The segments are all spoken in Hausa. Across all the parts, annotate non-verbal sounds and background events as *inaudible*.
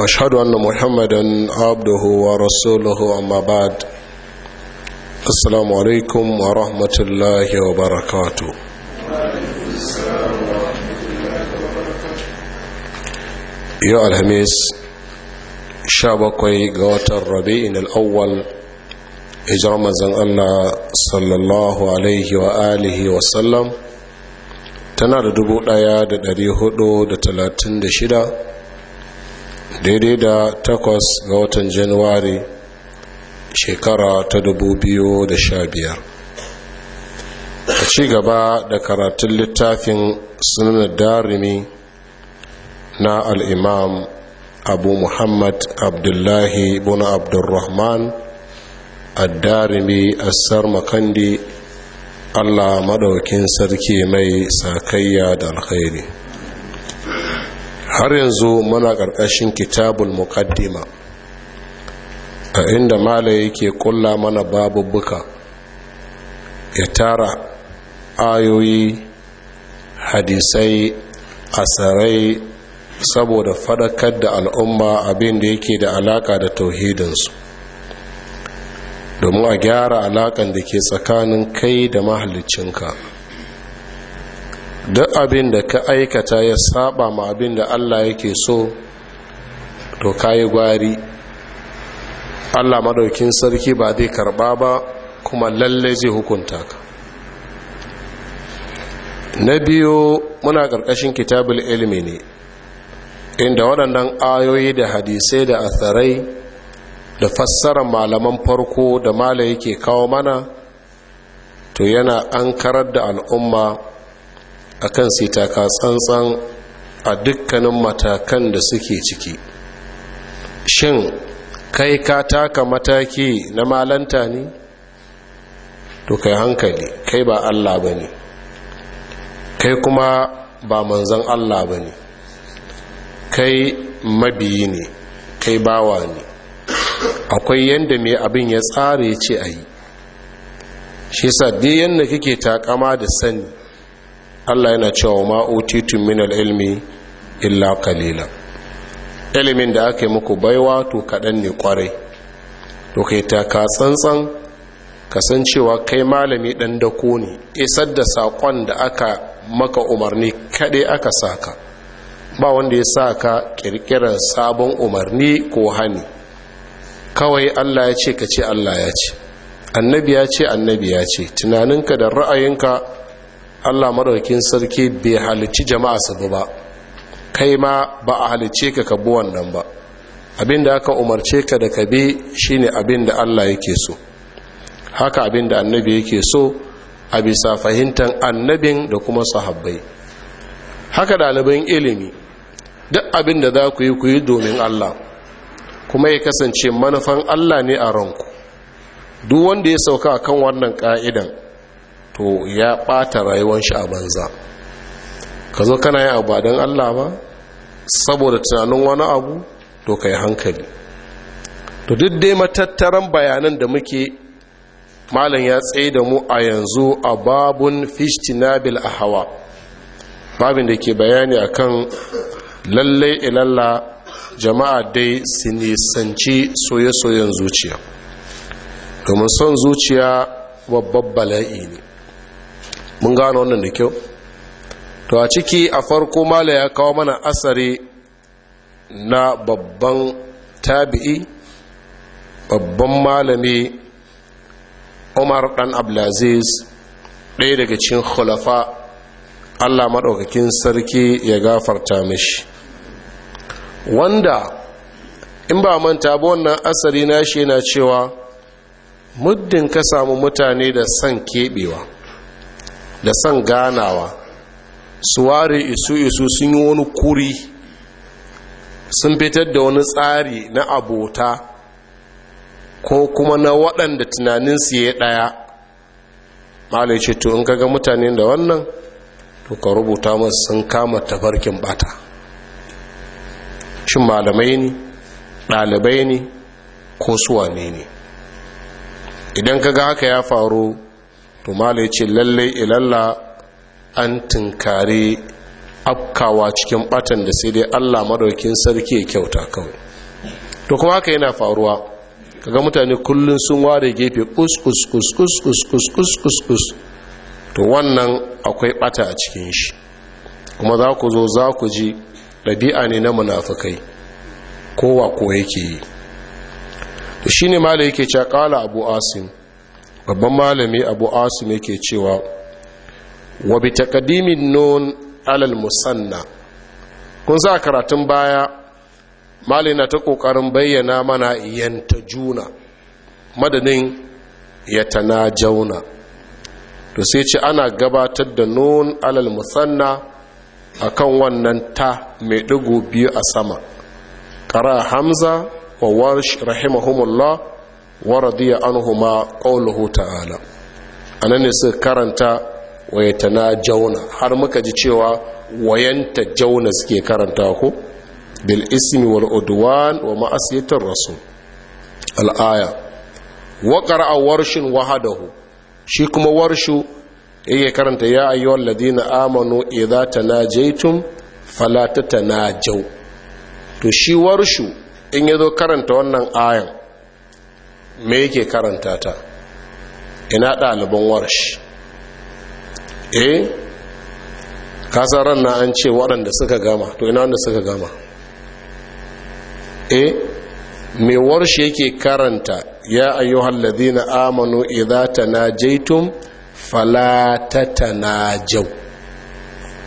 واشهد ان محمدا عبده ورسوله اما بعد السلام عليكم ورحمه الله وبركاته يا الهميس شابكوي غوات الربيع الاول اجرام زن الله صلى الله عليه واله وسلم تنادى دبو دايا دا دري هدو دا تلاتين دا شدا daidai da takwas ga watan januwari shekara ta dubu biyu da sha biyar. a ci gaba da karatun littafin sunan darimi na al'imam abu muhammad abdullahi bin abdurrahman addarimi assar makandi allah madaukin sarki mai sakayya da alkhairi har yanzu muna ƙarƙashin kitabul muqaddima a inda mala yake kulla mana babubuka ya tara ayoyi hadisai asarai saboda fadakar da al'umma abin da yake da alaka da tauhidinsu domin a gyara alakan da ke tsakanin kai da mahalicinka duk abin da ka aikata ya saba ma abin da Allah yake so to kayi gwari Allah madaukin sarki ba zai karba ba kuma lalle zai hukunta ka na biyu muna ƙarƙashin kitabul ilmi ne inda waɗannan ayoyi da hadisai da atharai da fassarar malaman farko da mala yake kawo mana to yana an karar da al'umma akan sai taka tsantsan a dukkanin matakan da suke ciki shin kai ka taka mataki na malanta ne to kai hankali kai ba allah ba ne kai kuma ba manzan allah ba ne kai mabiyi ne kai bawa ne akwai yadda mai abin ya tsara ya ce a yi shi sa yadda kike takama da sani Allah yana cewa ma utitu min ilmi illa qalila ilimin da aka yi muku baiwa to kaɗan ne kwarai to kai ta ka tsantsan kasancewa kai malami ɗan dako ne isar da saƙon da aka maka umarni kaɗai aka saka ba wanda ya sa ka ƙirƙirar sabon umarni ko hani kawai allah ya ce ka ce allah ya ce annabi ya ce annabi ya ce tunaninka da ra'ayinka allah maraukin sarki bai halicci jama'a sabu ba kai ma ba a halicce ka kabu wannan ba abin da aka umarce ka da kabe shine abin da allah yake so haka abin da annabi yake so a bisa fahimtar annabin da kuma sahabbai haka ɗaliban ilimi duk abin da za ku yi ku yi domin allah kuma ya kasance manufan allah ne a ranku duk wanda ya sauka kan wannan ka'idan to ya ɓata rayuwar shi a banza ka zo kana yin abadan don allah ba saboda tunanin wani abu to ka yi hankali to duk dai matattaran bayanan da muke malam ya tsaye da mu a yanzu a babun fishtinabil a hawa babin da ke bayani akan lallai ilalla jama'a dai su nisanci soye-soyen zuciya domin son zuciya babban bala'i ne mun gano wannan da kyau to a ciki a farko mala ya kawo mana asari na babban tabi'i babban malami umar dan abdulaziz ɗaya daga cikin khulafa allah maɗaukakin sarki ya gafarta mishi wanda in ba manta ba wannan asari na shi yana cewa muddin ka samu mutane da son keɓewa da san ganawa su ware isu isu sun yi wani kuri sun fitar da wani tsari na abota ko kuma na waɗanda tunaninsu ya ɗaya malai ce to in kaga mutane da wannan to ka rubuta masu sun kama tafarkin bata shin malamai ne ɗalibai ne ko suwane ne idan kaga haka ya faru to mala ce lallai ilalla an tunkare afkawa cikin batan da sai dai allah madaukin sarki ya kyauta kawai to kuma haka yana faruwa kaga mutane kullum sun ware gefe kus kus kus kus kus kus kus kus to wannan akwai bata a cikin shi kuma za ku zo za ku ji ɗabi'a ne na munafukai kowa ko yake yi to ma da yake cakala abu asim babban malami abu asim yake cewa wa bi taqdimin nun alal musanna kun sa karatun baya malami na ta kokarin bayyana mana yanta juna madadin jauna. to sai ce ana gabatar da nun alal musanna akan wannan ta mai digo biyu a sama kara hamza wa warsh rahimahumullah wa radiya anhuma qawluhu ta'ala anan ne suka karanta wayatana jauna har muka ji cewa wayanta jauna suke karanta ko bil ismi wal udwan wa ma'asiyatir rasul al aya wa qara'a warshin wahadahu shi kuma warshu yake karanta ya ayyuhal ladina amanu idza tanajaytum fala tatanajaw to shi warshu in yazo karanta wannan ayan me yake karanta ta ina ɗaliban warshi eh kasaran ran na an ce waɗanda suka gama to ina wanda suka gama eh Me warshi yake karanta ya ayyuhal ladina amanu idza tanajaytum fala tatanajau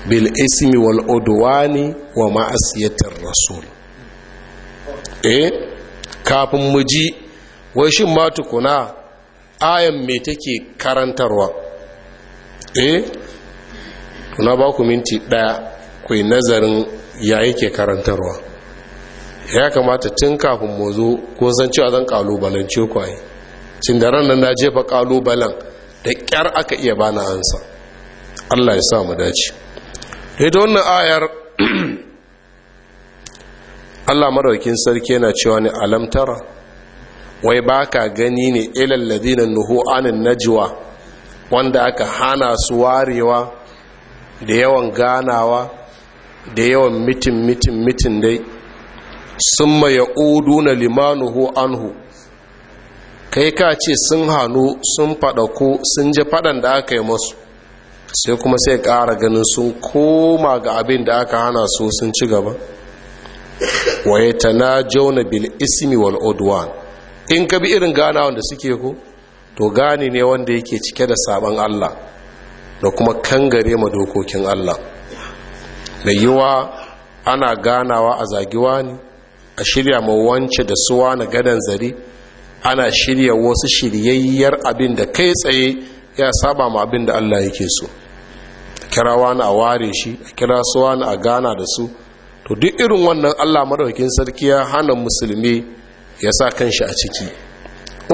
bil ismi wal udwani wa ma'asiyatir rasul eh kafin mu ji wai shin ma tukuna ayan me take karantarwa eh tuna ba ku minti daya ku nazarin ya yake karantarwa ya kamata tun kafin mu zo ko san cewa zan kalubalance ku ai cin da ran nan na jefa kalubalen da kyar aka iya bana ansa Allah ya sa mu dace da wannan ayar *clears throat* Allah maraukin sarki yana cewa ne alam tara. wai ba ka gani ne ilal nuhu anin najwa wanda aka hana su warewa da yawan ganawa da yawan mitin mitin mitin dai sun ya'uduna limanuhu anhu kai ka ce sun hannu sun ko sun ji faɗan da aka yi masu sai kuma sai ƙara ganin sun koma ga abin da aka hana su sun ci gaba wa ta na jauna bil ismi wal udwan in ka bi irin gana wanda suke ko to gane ne wanda yake cike da sabon Allah da kuma kangare ma dokokin Allah da yiwa ana ganawa a zagiwa ne a shirya ma wance da suwa na gadan zari ana shirya wasu shiryayyar abin da kai tsaye ya saba ma abin da Allah yake so kira wani a ware shi a kira suwa na a gana da su to duk irin wannan Allah madaukakin sarki ya hana musulmi ya sa shi a ciki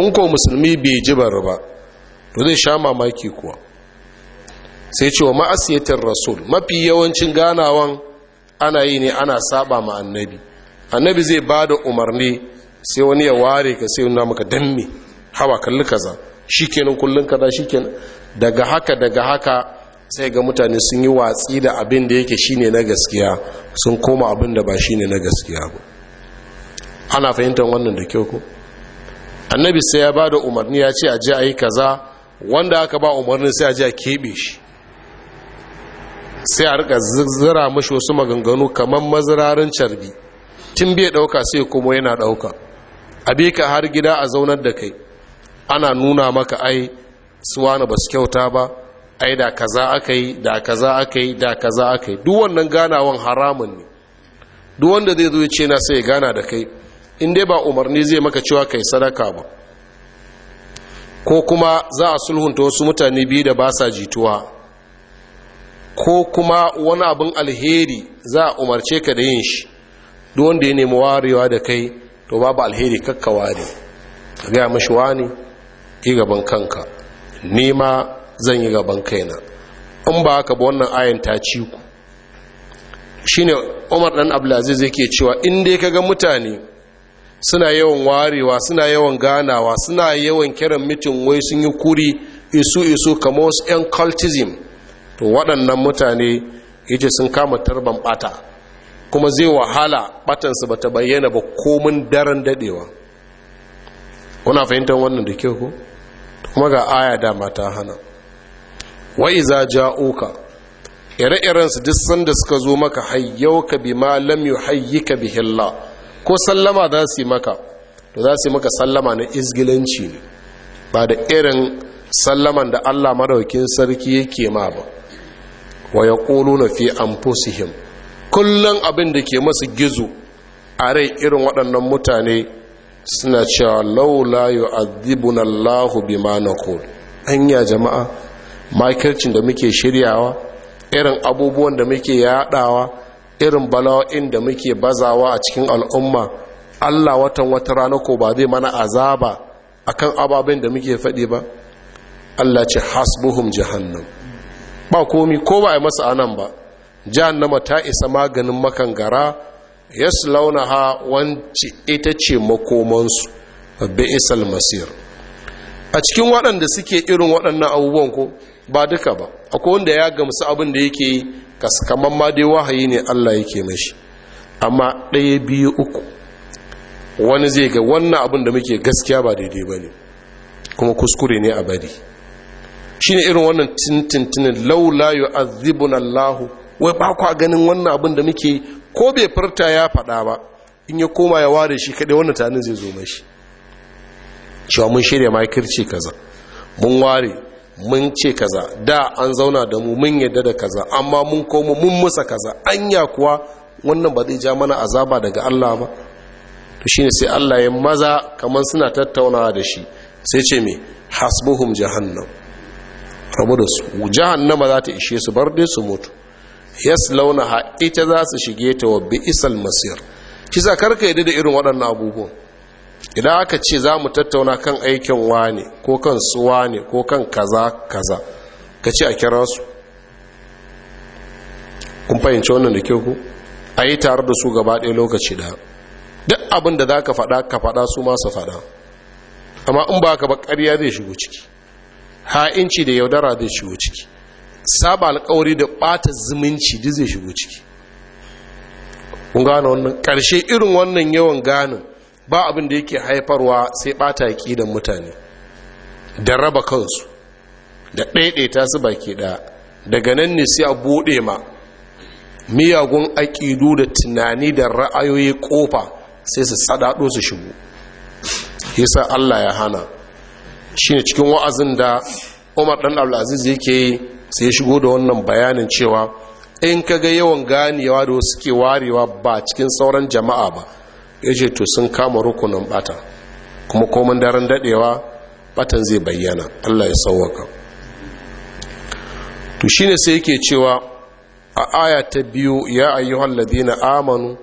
in ko musulmi bai ji bar ba to zai sha mamaki kuwa sai ce wa ma'asiyatar rasul mafi yawancin ganawan ana yi ne ana saba ma annabi annabi zai ba da umarni sai wani ya ware ka sai wani maka danne hawa kalli kaza shikenan kullun kaza shikenan daga haka daga haka sai ga mutane sun yi watsi da abin da yake shine na gaskiya sun koma abin da ba shine na gaskiya ba ana fahimtar wannan da kyau ko annabi sai ya ba da umarni ya ce a ji a yi kaza wanda aka ba umarni sai a ji a keɓe shi sai a rika zira mashi wasu maganganu kamar mazirarin carbi tun bai ɗauka sai kuma yana ɗauka a bi ka har gida a zaunar da kai ana nuna maka ai suwana ba su kyauta ba ai da kaza aka yi da kaza aka yi da kaza aka yi duk wannan ganawan haramun ne duk wanda zai zo ya ce na sai ya gana da kai in dai ba umarni zai maka cewa kai sadaka ba ko kuma za a sulhunta wasu mutane biyu da ba sa jituwa ko kuma wani abin alheri za a umarce ka da yin shi duk wanda ya nemi warewa da kai to babu alheri kakka ware a gaya mashi wani yi gaban kanka nema zan yi gaban kaina in ba haka ba wannan ayan ta ci ku shine umar dan abdulaziz yake cewa in dai ga mutane suna yawan warewa suna yawan ganawa suna yawan kiran mitin wai sun yi kuri isu isu kamar wasu 'yan cultism to waɗannan mutane yake sun kama tarban bata kuma zai wahala batansu ba ta bayyana ba komin daren dadewa kuna fahimtar wannan da kyau ko kuma ga aya dama ta hana wa'iza ja'uka ire-irensu duk sanda suka zo maka hayyauka bi ma lam yuhayyika bihi Allah ko sallama za su yi maka to za su yi maka sallama na izgilanci ne ba da irin sallaman da allah maraukin sarki yake ma ba wa ya ƙolo na fi anfusihim kullum abin da ke masu gizo a rai irin waɗannan mutane suna cewa laula yu'adhibuna Allahu An yi jama'a makircin da muke shiryawa irin abubuwan da muke yadawa irin bala'o'in da muke bazawa a cikin al'umma allah watan wata rana ko ba zai mana azaba akan ababen da muke faɗi ba allah ce hasbuhum jahannam ba komi ko ba a yi masa anan ba jahannama ta isa maganin makangara ha wance ita ce makomansu isal masir a cikin waɗanda suke irin waɗannan abubuwan ko ba duka ba akwai wanda ya gamsu abin da yake yi kaskaman ma dai wahayi ne Allah yake mashi amma ɗaya biyu uku wani zai ga wannan abin da muke gaskiya ba daidai ba ne kuma kuskure ne a bari shi ne irin wannan tintintinin laula yu azibun allahu wai ba kwa ganin wannan abin da muke ko bai furta ya faɗa ba in ya koma ya ware shi kaɗai wannan tanin zai zo mashi cewa mun shirya makirci kaza mun ware mun ce kaza da an zauna da mu mun yadda da kaza amma mun komo mun musa kaza anya kuwa wannan ba zai ja mana azaba daga Allah ba to shine sai Allah ya maza kaman suna tattaunawa da shi sai ce me hasbuhum jahannam rabu da su jahannama za ta ishe su bar dai su mutu yaslaunaha ita za su shige ta wa bi'sal masir kisa karka yadda da irin waɗannan abubuwan idan aka ce za mu tattauna kan aikin wane ko kan suwa ne ko kan kaza kaza ka ce a kira su kun fahimci wannan da ke ku a yi tare da su gaba ɗaya lokaci da duk abin da za ka faɗa ka faɗa su masu faɗa amma in ba ka ba ƙarya zai shigo ciki ha'inci da yaudara zai shigo ciki saba alkawari da ɓata zumunci duk zai shigo ciki kun gane wannan ƙarshe irin wannan yawan ganin ba abin da yake haifarwa sai bata kidan mutane da raba kansu da ɗaiɗaita su baki ɗaya daga nan ne sai a buɗe ma miyagun aƙidu da tunani da ra'ayoyi ƙofa sai su sadaɗo su shigo yasa Allah ya hana shi ne cikin wa'azin da umar ɗan abdulaziz yake yi sai ya shigo da wannan bayanin cewa in ka ga yawan ganewa da wasu ke warewa ba cikin sauran jama'a ba ya ce to sun kama rukunin bata kuma komin daren dadewa batan zai bayyana allah ya sauwaka to ne sai yake cewa a aya ta biyu ya ayyuhan na amanu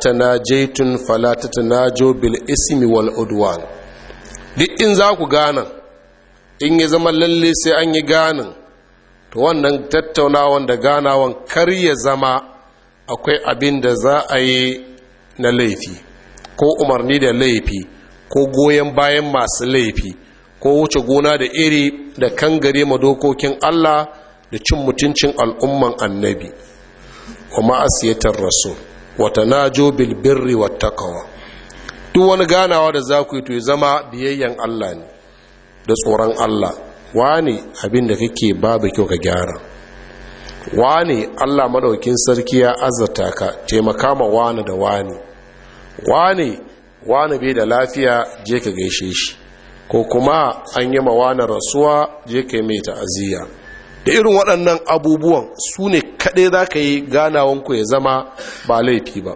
ta na falata ta fala jo bil ismi wal udwan duk in za ku gana in ya zama lalle sai an yi ganin to wannan tattaunawan da ganawan kar ya zama akwai abin da za a yi na laifi ko umarni da laifi ko goyon bayan masu laifi ko wuce gona da iri da kangare ma dokokin Allah da cin mutuncin al'umman annabi wa ma'asiyatar rasu wata jo bilbirri wata takawa duk wani ganawa da za ku yi to zama biyayyen Allah ne da tsoron Allah wani abin da kake babu kyau ka gyara Wani allah madaukin sarki ya azata ka taimaka ma wani da wani wani wane bai da lafiya je ka gaishe shi ko kuma an yi ma mawana rasuwa je ka yi mai ta'aziyya da irin waɗannan abubuwan su ne kaɗai za ka yi ganawanku ya zama ba laifi ba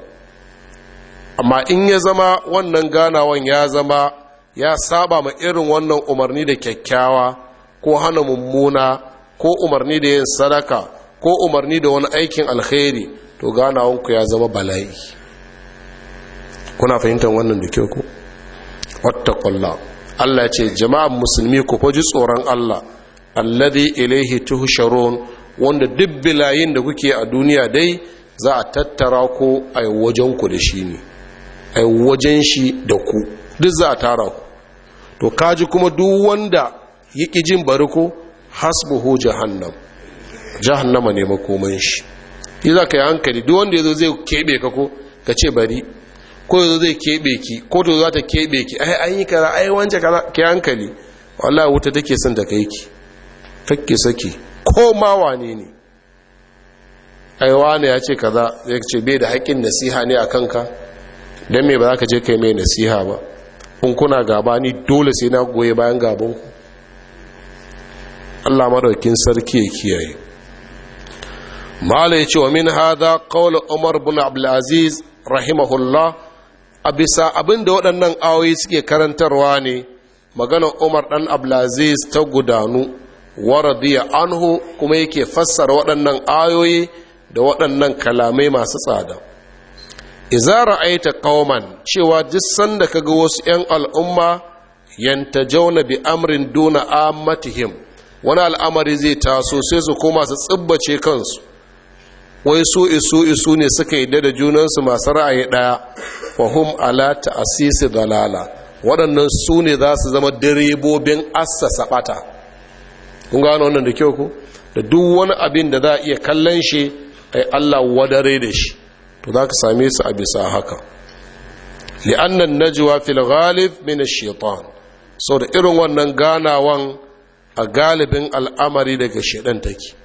amma in ya zama wannan ganawan ya zama ya saba ma irin wannan umarni da kyakkyawa ko hana mummuna ko umarni da yin sadaka ko umarni da wani aikin alkhairi to ganawanku ya zama bala'i kuna fahimtar wannan da kyau ku wattaqullah Allah ce jama'an musulmi ku faji tsoron Allah alladhi ilaihi tuhsharun wanda duk bilayin da kuke a duniya dai za a tattara ku a wajen ku da shi ne a wajen shi da ku duk za a tara ku to kaji kuma duk wanda yi jin bari ko hasbuhu jahannam jahannama ne makoman shi yi za ka yi hankali duk wanda ya zo zai keɓe ka ko ka ce bari ko ya zo zai keɓe ki ko to za ta keɓe ki ai an yi kara ai wance kara ki hankali wallah wuta take son da kai ki fakke saki ko ma wane ne ai wane ya ce kaza zai ce bai da haƙƙin nasiha ne a kanka don me ba za ka je kai mai nasiha ba in kuna gaba ni dole sai na goye bayan ku. Allah madaukin sarki ya kiyaye mala ya ce wa min hada kawal umar bin abdulaziz rahimahullah a bisa abinda waɗannan awoyi suke karantarwa ne magana umar ɗan abdulaziz ta gudanu waradiya anhu kuma yake fassara waɗannan ayoyi da waɗannan kalamai masu tsada iza ra'aita qauman cewa duk sanda kaga wasu 'yan al'umma yantajauna bi amrin duna amatihim wani al'amari zai taso sai su koma su tsibbace kansu wai su isu isu ne suka yi da junansu masu ra'ayi ɗaya fahim ala ta'asisi dalala waɗannan su ne za su zama direbobin assasa ɓata kun gano wannan da kyau ku da duk wani abin da za a iya kallon shi ai Allah wadare da shi to za ka same su a bisa haka li'annan najwa fil ghalib min ash-shaytan so da irin wannan ganawan a galibin al'amari daga shedan take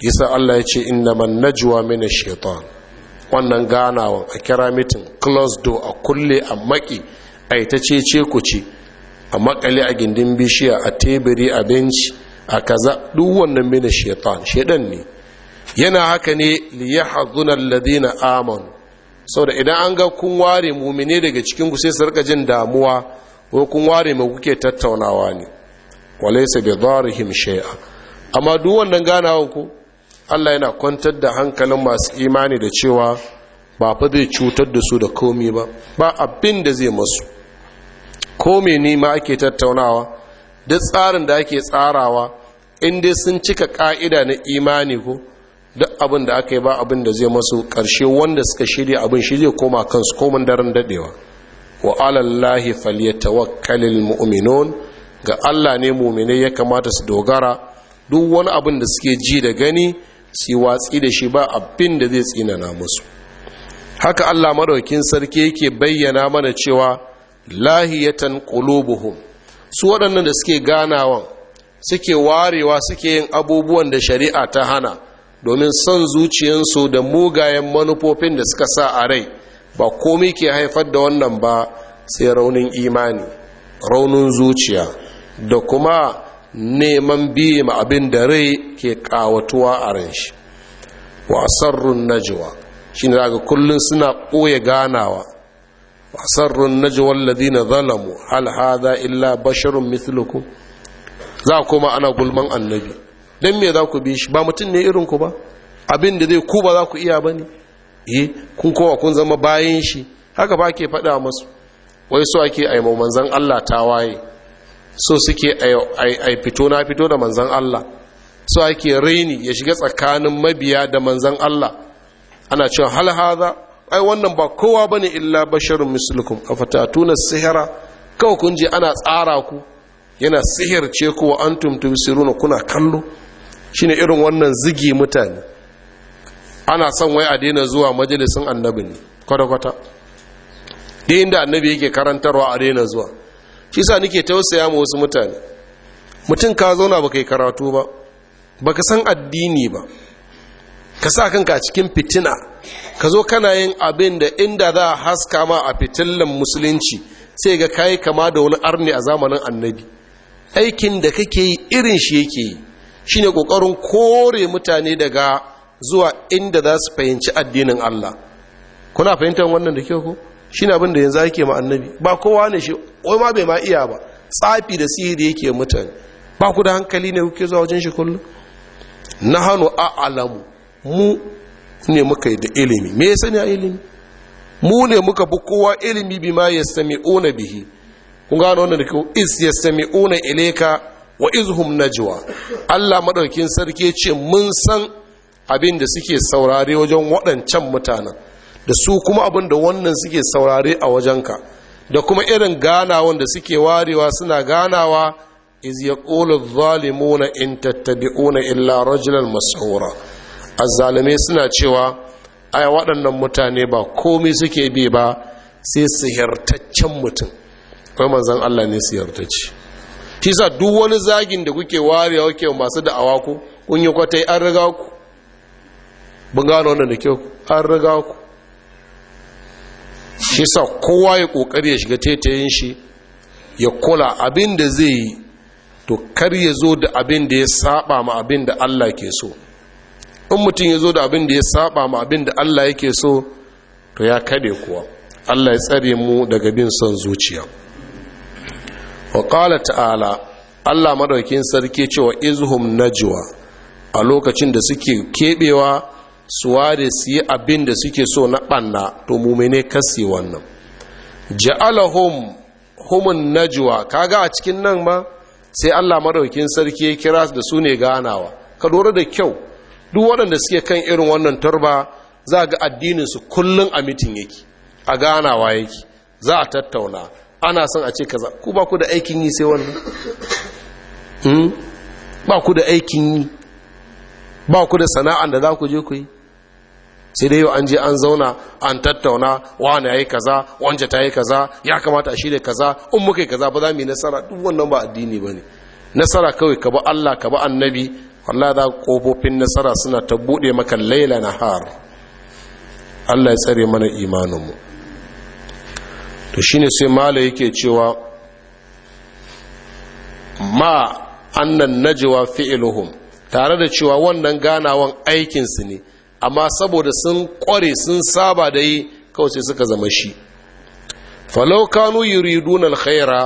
Yasa Allah ya ce innaman najwa min shaitan wannan ganawa a kira mitin close door a kulle a maki a ita ce ce ku ce a makale a gindin bishiya a tebiri a binci a kaza duk wannan min shaitan shaitan ne yana haka ne li yahzuna alladhina amanu saboda idan an ga kun ware mumine daga cikin ku sai su rika jin damuwa ko kun ware mu kuke tattaunawa ne walaysa bi dharihim shay'a amma duk wannan ganawan ku Allah yana kwantar da hankalin masu imani da cewa ba fa zai cutar da su da komi ba ba abin da zai masu komi ne ma ake tattaunawa da tsarin da ake tsarawa in dai sun cika ka'ida na imani ko duk abin da aka yi ba abin da zai masu karshe wanda suka shirya abin shi zai koma kansu komin daren dadewa wa alallahi falyatawakkalul mu'minun ga Allah ne mu'mine ya kamata su dogara duk wani abin da suke ji da gani su watsi da shi ba abin da zai tsinana musu haka allah maraukin sarki yake bayyana mana cewa lahiyatan qulubuhum su waɗannan da suke ganawan suke warewa suke yin abubuwan da shari'a ta hana domin son zuciyarsu da mugayen manufofin da suka sa a rai ba komai ke haifar da wannan ba sai raunin imani raunin zuciya da kuma neman biye ma abin da rai ke kawatuwa a ran shi wasarrun najwa shi ne daga kullum suna ɓoye ganawa wasarrun najwa alladhina zalamu hal hadha illa basharun mithlukum za kuma ana gulman annabi dan me za ku bi shi ba mutum ne irin ku ba abin da zai ku ba za ku iya bane eh kun kowa kun zama bayan shi haka ba ke faɗa masu wai so ake aimo manzon Allah ta waye so suke a fito na fito da manzan Allah so ake raini ya shiga tsakanin mabiya da manzan Allah ana cewa hal haza ai wannan ba kowa bane illa basharun mislukum afatatuna sihira kawai kun je ana tsara ku yana sihirce ku wa antum tubsiruna kuna kallo shine irin wannan zigi mutane ana son wai a daina zuwa majalisin annabi ne kwata-kwata da inda annabi yake karantarwa a daina zuwa shi sa nake tausaya ma wasu mutane mutum ka zauna baka yi karatu ba baka san addini ba ka sa kanka a cikin fitina ka zo kana yin abin da inda za a haska ma a fitilan musulunci sai ga kayi kama da wani arni a zamanin annabi aikin da kake yi irin shi yake yi shine kokarin kore mutane daga zuwa inda za su fahimci addinin Allah kuna fahimtar wannan da kyau ko shi na abinda yanzu ake ma annabi ba kowa ne shi wai ma bai ma iya ba tsafi da sihiri yake mutane ba ku da hankali ne kuke zuwa wajen shi kullum na hannu a alamu mu ne muka yi da ilimi me ya sani a ilimi mu ne muka fi kowa ilimi bi ma ya sami ona bihi kun gano wannan da kyau is ya sami ona ileka wa izhum najwa Allah madaukin sarki ce mun san abin da suke saurare wajen waɗancan mutanen da su kuma abin da wannan suke saurare a wajenka da kuma irin ganawan da suke warewa suna ganawa iz yaqulu adh-dhalimuna in tattabi'una illa rajulan a zalime suna cewa ai waɗannan mutane ba komai suke bi ba sai sihirtaccen mutum kai manzan Allah ne sihirtacce shi sa duk wani zagin da kuke warewa kuke masu da'awa ku kun yi kwatai an riga ku gano wannan da kyau an riga ku shi sa kowa ya kokari ya shiga tetayen shi ya kula abin da zai yi to kar ya zo da abin da ya saba ma abin da Allah ke so in mutum ya zo da abin da ya saba ma abin da Allah yake so to ya kade kuwa Allah ya tsare mu daga bin son zuciya wa qala ta'ala Allah madaukin sarki cewa izhum najwa a lokacin da suke kebewa su ware su yi abin da suke so na ɓanna to mumine kasi wannan ja'alahum humun najwa kaga a cikin nan ma sai allah maraukin sarki ya kira da su ne ganawa ka lura da kyau duk waɗanda suke kan irin wannan turba za ga addininsu kullum a mitin yake a ganawa yake za a tattauna ana son a ce kaza ku ba ku da aikin yi sai wannan hmm? ba ku da aikin yi ba ku da sana'an da za ku je ku yi sai dai yau an je an zauna an tattauna wani ya yi kaza wance ta yi kaza ya kamata a shirya kaza in muka yi kaza ba za mu yi nasara duk wannan ba addini ba ne nasara kawai ka ba allah ka ba annabi wallah za kofofin nasara suna ta buɗe maka laila na har allah ya tsare mana imaninmu to shine sai mala yake cewa ma annan najwa fi'luhum tare da cewa wannan ganawan aikinsu ne amma saboda sun kware sun saba da yi kawai sai suka zama shi falau kanu yuridun alkhaira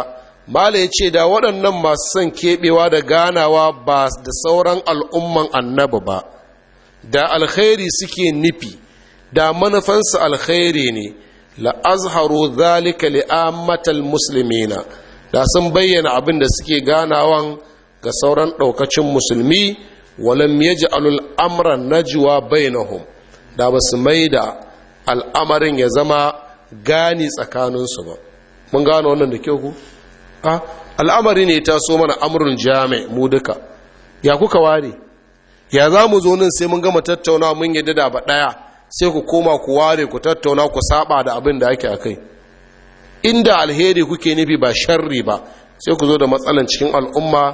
mala ya ce da waɗannan masu son keɓewa da ganawa ba da sauran al'umman annabi ba da alkhairi suke nufi da manufansu alkhairi ne la'azharu zalika li'ammatal musulmina da sun bayyana abin da suke ganawan ga sauran ɗaukacin musulmi walam yaj'alul amra najwa bainahum da ba su da al'amarin ya zama gani tsakaninsu ba mun gano wannan da kyau ku a al'amari ne ta so mana amrun jami mu duka ya kuka ware ya za mu zo nan sai mun gama tattauna mun yadda da ba daya sai ku koma ku ware ku tattauna ku saba da abin da ake akai inda alheri kuke nufi ba sharri ba sai ku zo da matsalan cikin al'umma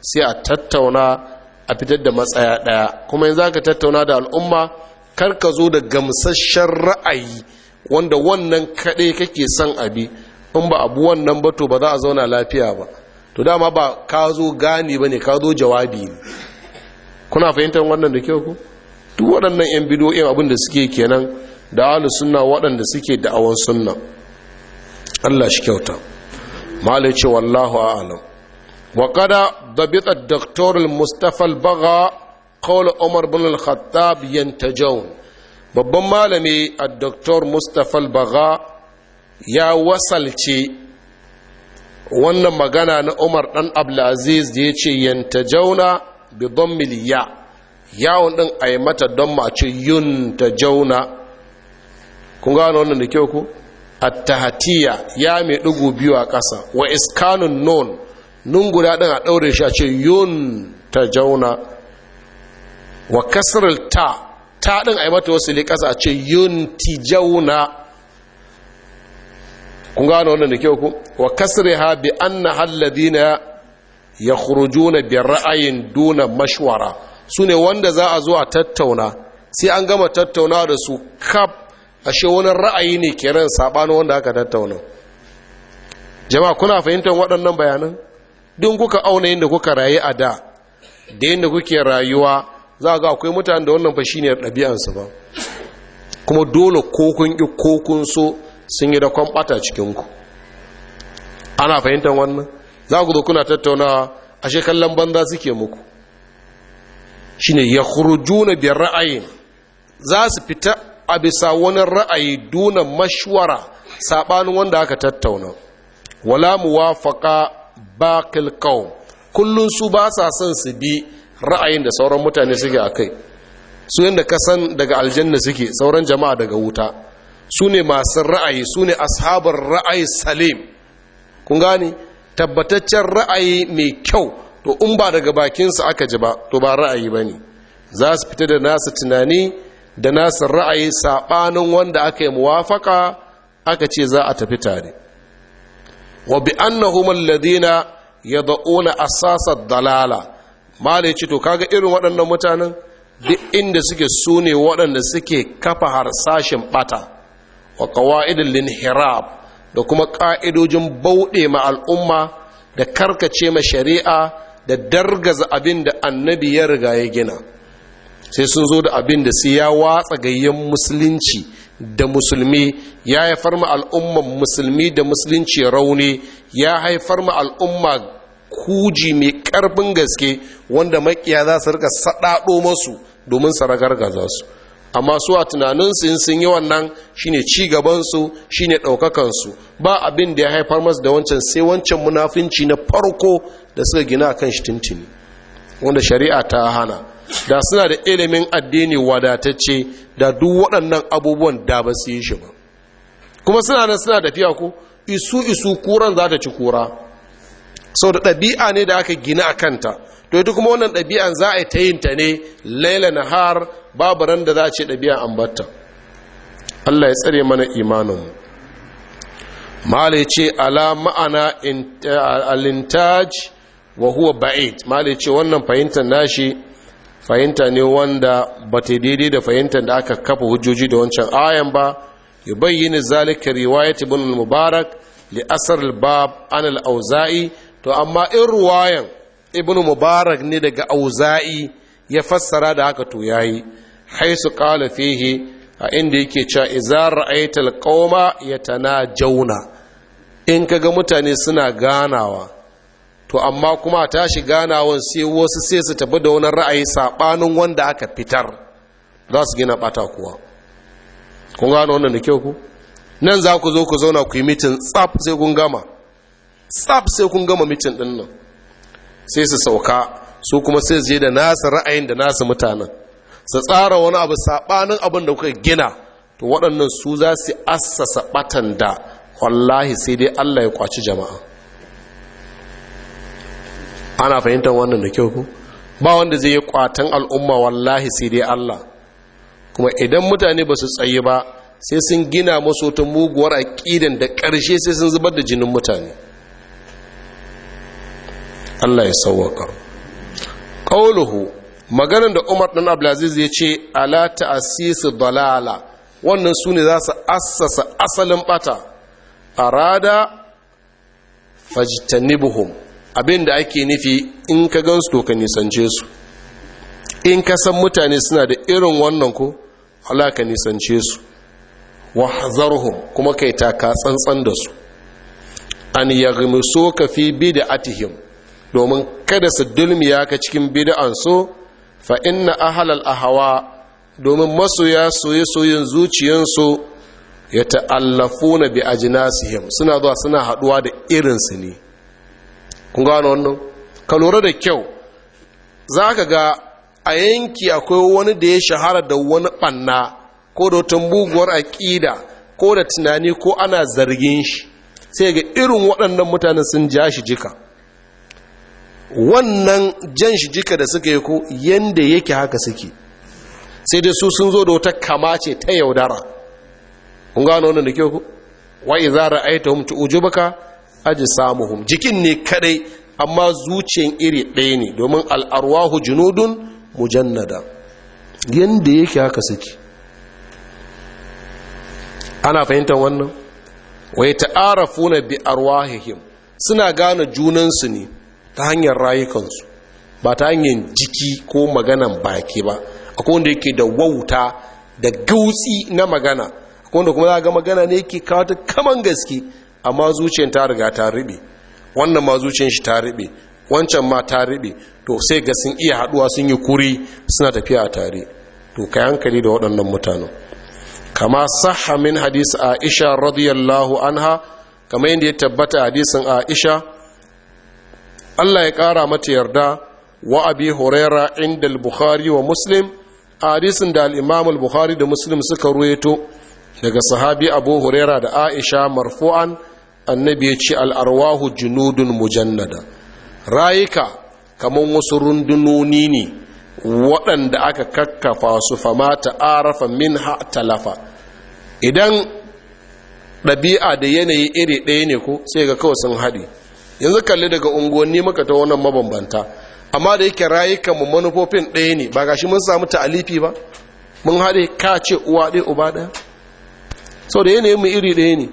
sai a tattauna a fitar da matsaya ɗaya kuma yanzu zaka tattauna da al'umma kar ka zo da gamsasshen ra'ayi wanda wannan kaɗai kake son abi in ba abu wannan ba ba za a zauna lafiya ba to dama ba ka zo gane ba ne ka zo jawabi ne kuna fahimtar wannan da kyau ku duk waɗannan 'yan bidoyin abin da suke kenan da ahalus sunna waɗanda suke da'awan sunna Allah shi kyauta malai ce wallahu a'lam وقد ضبط الدكتور المصطفى البغا قول عمر بن الخطاب ينتجون babban malami a doktor mustapha baga ya wasalce wannan magana na umar dan abdulaziz da ya ce yantajauna bi don miliya yawon din a yi mata don mace jauna kun gano wannan da kyau ku attahatiya ya mai ɗigo biyu a ƙasa wa iskanun non nun guda ɗin a ɗaure shi a ce yun ta jauna wa kasar ta ta ɗin a yi mata wasu ƙasa a ce yun ti jauna kun gano wannan da kyau ku wa kasar ha bi an na na ya na biyar ra'ayin duna mashwara su ne wanda za a zo a tattauna sai an gama tattauna da su kaf ashe wani ra'ayi ne kiran sabanin wanda aka tattauna jama'a kuna fahimtar waɗannan bayanan don kuka auna yadda kuka rayu a da da yadda kuke rayuwa za ga akwai mutane da wannan fashi ne ɗabi'ansu ba kuma dole ko kun ƙi kokun so sun yi da kwan ɓata cikinku ana fahimtar wannan za ku zo kuna tattaunawa a shekallon banza suke muku shine ya juna biyar ra'ayin za su fita a bisa wani ra'ayi duna mashwara saɓanin wanda aka tattauna wala muwafaka baƙil qaum kullum su ba sa son su bi ra'ayin da sauran mutane suke a kai, su yadda kasan daga aljanna suke sauran jama'a daga wuta su ne masu ra'ayi su ne ashabar ra'ayi salim kun gane tabbataccen ra'ayi mai kyau to in ba daga bakinsu aka ji ba to ba ra'ayi ba ne za su fita da nasu tunani da nasu ra'ayi saɓanin wanda aka yi muwafaka aka ce za a tafi tare wa bi annahum alladhina yad'una asasa dalala mala ce to kaga irin waɗannan mutanen duk inda suke sune waɗanda suke kafa harsashin bata wa qawaidil linhirab da kuma ka'idojin bauɗe ma al'umma da karkace ma shari'a da dargaza abinda annabi ya riga ya gina sai sun zo da abin da sai ya watsa gayyan musulunci da musulmi ya haifar ma al'umman musulmi da musulunci rauni ya haifar ma al'umma kuji mai karfin gaske wanda makiya za su rika saɗaɗo masu domin saragar su amma su a tunaninsu in sun yi wannan shine ci gabansu shine ɗaukakansu ba abin da ya haifar masu da wancan sai wancan munafinci na farko da suka gina a kan shi tuntuni wanda shari'a ta hana da suna da ilimin addini wadatacce da duk waɗannan abubuwan da ba su yi shi ba kuma suna nan suna tafiya ko isu isu kuran za ta ci kura sau da ɗabi'a ne da aka gina a kanta to ita kuma wannan ɗabi'an za a yi ta yin ta ne laila na har babu ran da za a ce ɗabi'a an batta allah ya tsare mana imanin malice ce ala ma'ana alintaj wa huwa ba'id malice wannan fahimtar nashi fahimta ne wanda ba ta daidai da fahimtar da aka kafa hujjoji da wancan ayan ba ya bayyana zalika riwayat ibn mubarak li asar al-bab an al-auza'i to amma in ruwayan ibn mubarak ne daga auza'i ya fassara da haka to yayi haisu qala fihi a inda yake cewa idza ra'aita ya tana yatanajawna in kaga mutane suna ganawa to amma kuma tashi ganawan sai wasu sai su tabi da wani ra'ayi saɓanin wanda aka fitar za su gina ɓata kuwa kun gano wannan da kyau ku nan za ku zo ku zauna ku yi mitin tsaf sai kun gama tsaf sai kun gama mitin din nan sai su sauka su kuma sai su je da nasu ra'ayin da nasu mutanen su tsara wani abu saɓanin abin da kuka gina to waɗannan su za su assasa ɓatan da wallahi sai dai allah ya kwaci jama'a ana fahimtar wannan da kyau ku ba wanda zai yi kwatan al'umma wallahi sai dai Allah kuma idan mutane ba su tsaye ba sai sun gina masu wata muguwar aƙidan da ƙarshe sai sun zubar da jinin mutane Allah ya sauwaka ƙauluhu maganar da umar ɗan abdulaziz ya ce ala ta'asisu dalala wannan su ne za su assasa asalin bata arada fajtanibuhum abin da ake nufi in ka gansu to ka nisance su in ka san mutane suna da irin wannan ko Allah ka nisance su wahzarhum kuma kai taka tsantsan da su an so ka fi bid'atihim domin kada su dulmiya ka cikin bid'an so fa inna ahlal ahwa domin masoya soye soyin zuciyansu ya na bi ajnasihim suna zuwa suna haduwa da irinsu ne kun gano wannan ka lura da kyau za ka ga a yanki akwai wani da ya shahara da wani ɓanna ko da wata buguwar aƙida ko da tunani ko ana zargin shi sai ga irin waɗannan mutanen sun ja shi jika wannan jan shi jika da suka yi ko yanda yake haka suke sai dai su sun zo da wata kama ce ta yaudara kun gano wannan da kyau ku wa idza ra'aytahum ujubaka aji samuhum jikin ne kadai amma zuciyan iri ɗaya ne domin al'arwahu junudun mujannada yadda yake haka suke ana fahimtar wannan wai funa bi arwahihim suna gane junansu ne ta hanyar rayukansu ba ta hanyar jiki ko maganan baki ba akwai wanda yake da wauta da gautsi na magana akwai wanda kuma za ga magana ne yake kawo ta kaman gaske amma zuciyar ta riga ta ribe wannan ma zuciyar shi ta ribe wancan ma ta ribe to sai ga sun iya haɗuwa sun yi kuri suna tafiya a tare to kai hankali da waɗannan mutanen kama sahha min hadis aisha radiyallahu anha kamar yadda ya tabbata hadisin aisha Allah ya kara mata yarda wa abi huraira inda al-bukhari wa muslim hadisin da al-imam al-bukhari da muslim suka ruwaito daga sahabi abu huraira da aisha marfu'an annabi ya ce al'arwahu junudun mujannada rayuka kamar wasu rundunoni ne waɗanda aka kakkafa su fama ta arafa min ha talafa idan ɗabi'a da yanayi iri ɗaya ne ko sai ga kawai sun haɗe yanzu kalli daga unguwanni maka ta wannan mabambanta amma da yake rayuka mu manufofin ɗaya ne ba gashi mun samu ta'alifi ba mun haɗe ka ce uwa ɗaya uba ɗaya sau da yanayin mu iri ɗaya ne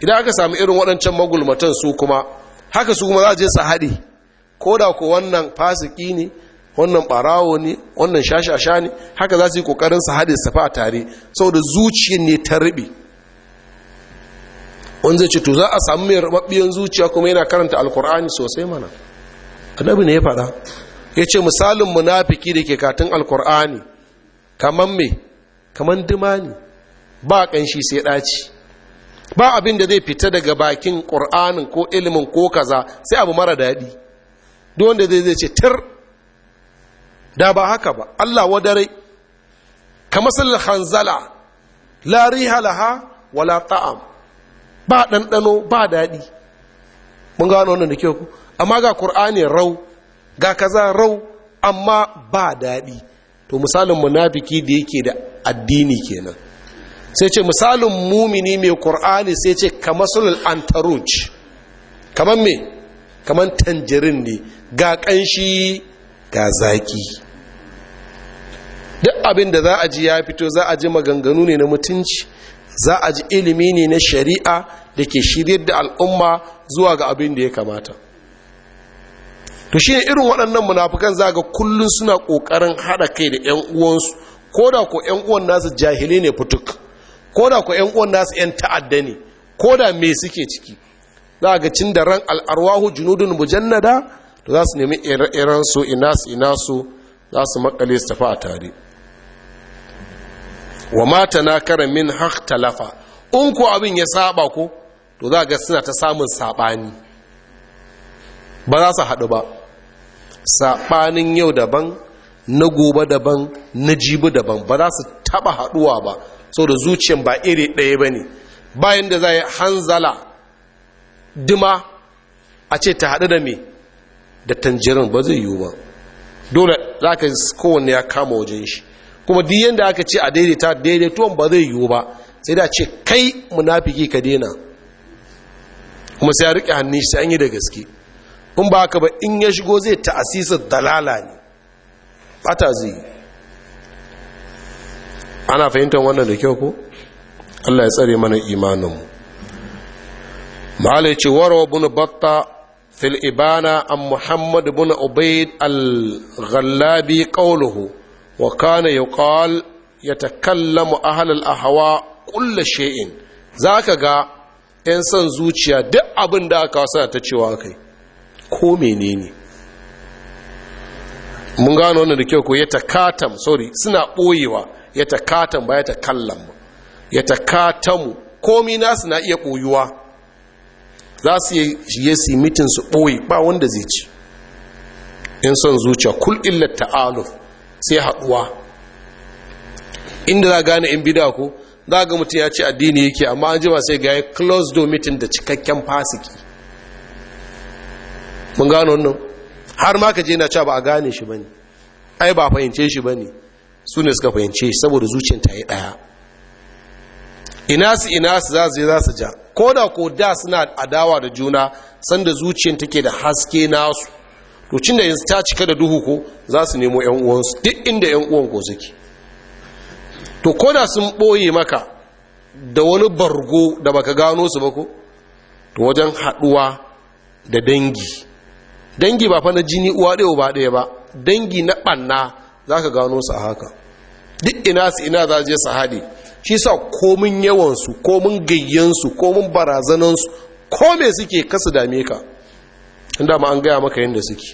idan aka sami irin waɗancan magulmatan su kuma haka su kuma za je su haɗe ko da ko wannan fasiki ne wannan ɓarawo ne wannan shashasha ne haka za su yi ƙoƙarin su haɗe su fa tare saboda zuciya ne ta riɓe wanda zai ce to za a samu mai zuciya kuma yana karanta alkur'ani sosai mana annabi ne ya faɗa ya ce misalin munafiki da ke katin alkur'ani kaman me kaman ne ba ƙanshi sai ɗaci ba abin da zai fita daga bakin ƙur'anin ko ilimin ko kaza sai abu mara daɗi duk wanda zai zai ce tir da ba haka ba Allah wadare ka masalin hanzala la riha wala ta'am ba ɗanɗano ba daɗi mun gano wannan da kyau amma ga ƙur'ani rau ga kaza rau amma ba daɗi to misalin munafiki da yake da addini kenan sai ce misalin mumini mai ƙur'ani sai ce kamasulul antaruj kamar me kamar tanjirin ne ga ƙanshi ga zaƙi duk abin da za a ji ya fito za a ji maganganu ne na mutunci za a ji ilimi ne na shari'a da ke shiryar da al'umma zuwa ga abin da ya kamata to shi irin waɗannan munafukan za ga kullum suna ƙoƙarin haɗa kai da 'yan uwansu ko da ko 'yan uwan nasu jahili ne fituk ko da ku yan uwan nasu yan ta'adda ne ko da me suke ciki za ga cin da ran al'arwahu junudun mujannada to za su nemi ire inasu su ina su za su makale su tafi a tare wa mata na kara min haq talafa in ku abin ya saba ku? to za ga suna ta samun sabani ba za su haɗu ba saɓanin yau daban na gobe daban na jibi daban ba za su taɓa haɗuwa ba so da zuciyan ba iri ɗaya ba ne bayan da za yi hanzala dima a ce ta haɗu da me da tanjirin ba zai yiwu ba dole za ka kowanne ya kama wajen shi kuma duk yadda aka ce a daidaita daidaituwan ba zai yiwu ba sai da ce kai munafiki ka daina kuma sai ya riƙe hannun shi sai yi da gaske in ba haka ba in ya shigo zai ta'asisar dalala ne ba ta zai yi ana fahimtar wannan da kyau ko Allah ya tsare mana imanin mu ce waro bin batta fil ibana an muhammad bin ubaid al-ghallabi qawluhu wa kana yuqal yatakallamu ahl al-ahwa kull shay'in zaka ga yan son zuciya duk abin da aka wasa ta cewa kai ko menene mun gano wannan da kyau ko ya takatam sorry suna boyewa ya takatan ba ya takallam ya takatamu komi nasu na iya koyuwa za su yi su mitin su ɓoye ba wanda zai ci in son zuciya kul illar ta'aluf sai haɗuwa inda za gane in bida ku za ga mutum ya ci addini yake amma an jima sai ga ya close door meeting da cikakken fasiki mun gano wannan har ma ka je na cewa ba a gane shi bane ai ba fahimce shi bane su ne suka fahimce saboda zuciyar ta yi ɗaya ina su ina su za su je za su ja Koda da ko da suna adawa da juna sanda zuciyar ke da haske nasu to cin da yanzu ta cika da duhu ko za su nemo yan uwansu duk inda yan uwan ko suke to koda sun ɓoye maka da wani bargo da baka gano su ba ko to wajen haɗuwa da dangi dangi ba fa na jini uwa ɗaya ba ɗaya ba dangi na ɓanna za ka gano su a haka duk ina su ina za je su haɗe shi sa komin yawansu komin gayyansu komin barazanansu ko suke kasu dame ka inda ma an gaya maka yadda suke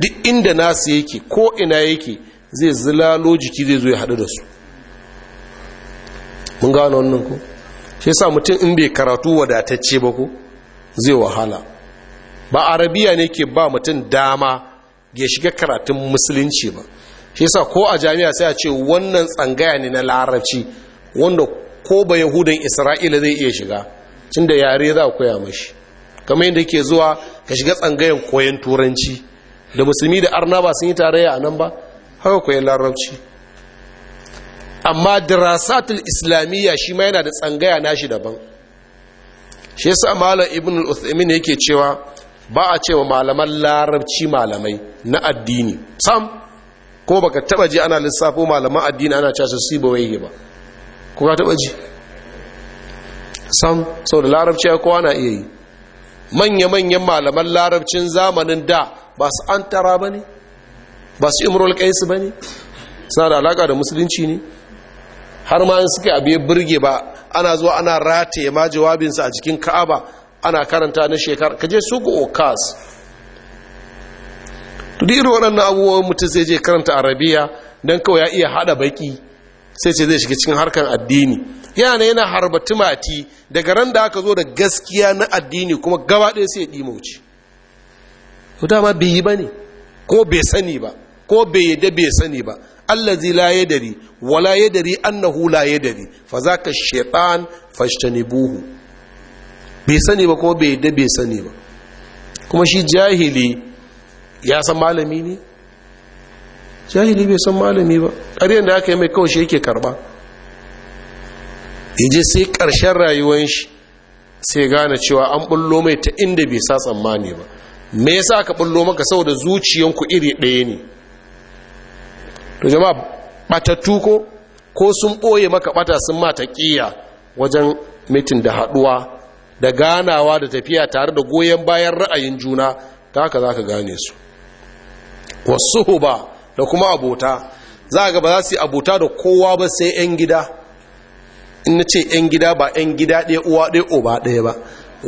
duk inda nasu yake ko ina yake zai zilalo jiki zai zo ya haɗu da su mun gano wannan ko shi sa mutum in bai karatu wadatacce ba ko zai wahala ba arabiya ne ke ba mutum dama ya shiga karatun musulunci ba shi sa ko a jami'a sai a ce wannan tsangaya ne na larabci wanda ko ba yahudan isra'ila zai iya shiga Tunda yare za a koya mashi kamar yadda ke zuwa ka shiga tsangayen koyon turanci da musulmi da arna ba sun yi tarayya a nan ba haka koyon larabci amma dirasatul islamiyya shi ma yana da tsangaya nashi daban shi yasa malam ibn al-uthaymin yake cewa ba a cewa malaman larabci malamai na addini sam ko baka taba ji ana lissafo malaman addini ana cewa su siba waye ba ko ka taba ji san sau da larabci ya kowa na iya yi manya-manyan malaman larabcin zamanin da ba su an tara ba ne ba su imrol kaisu ba ne suna da alaka da musulunci ne har ma suke abu ya burge ba ana zuwa ana rataye ma jawabinsa a jikin ka'aba ana karanta na shekara kaje su ga okas to duk irin waɗannan abubuwan mutum sai je karanta arabiya don kawai ya iya haɗa baki sai sai zai shiga cikin harkar addini yana yana harba tumati daga ran da aka zo da gaskiya na addini kuma gaba ɗaya sai ya wuce. to dama bai yi ba ne ko bai sani ba ko bai yadda bai sani ba Allah allazi la dari? An na annahu la dari. fa za ka shaitan fashtani buhu. bai sani ba ko bai yadda bai sani ba kuma shi jahili ya san malami ne jahili bai san malami ba ƙaryar da aka yi mai kawai shi yake karba yaje sai ƙarshen rayuwar shi sai gane cewa an bullo mai ta inda bai sa tsammani ba me yasa aka bullo maka saboda zuciyanku iri ɗaya ne to jama'a batattu ko ko sun ɓoye maka bata sun mata ƙiya wajen mitin da haɗuwa da ganawa da tafiya tare da goyon bayan ra'ayin juna ta haka za ka gane su wasu ba da kuma abota za ga ba za su yi abota da kowa ba sai 'yan gida in na ce 'yan gida ba 'yan gida ɗaya uwa ɗaya oba ɗaya ba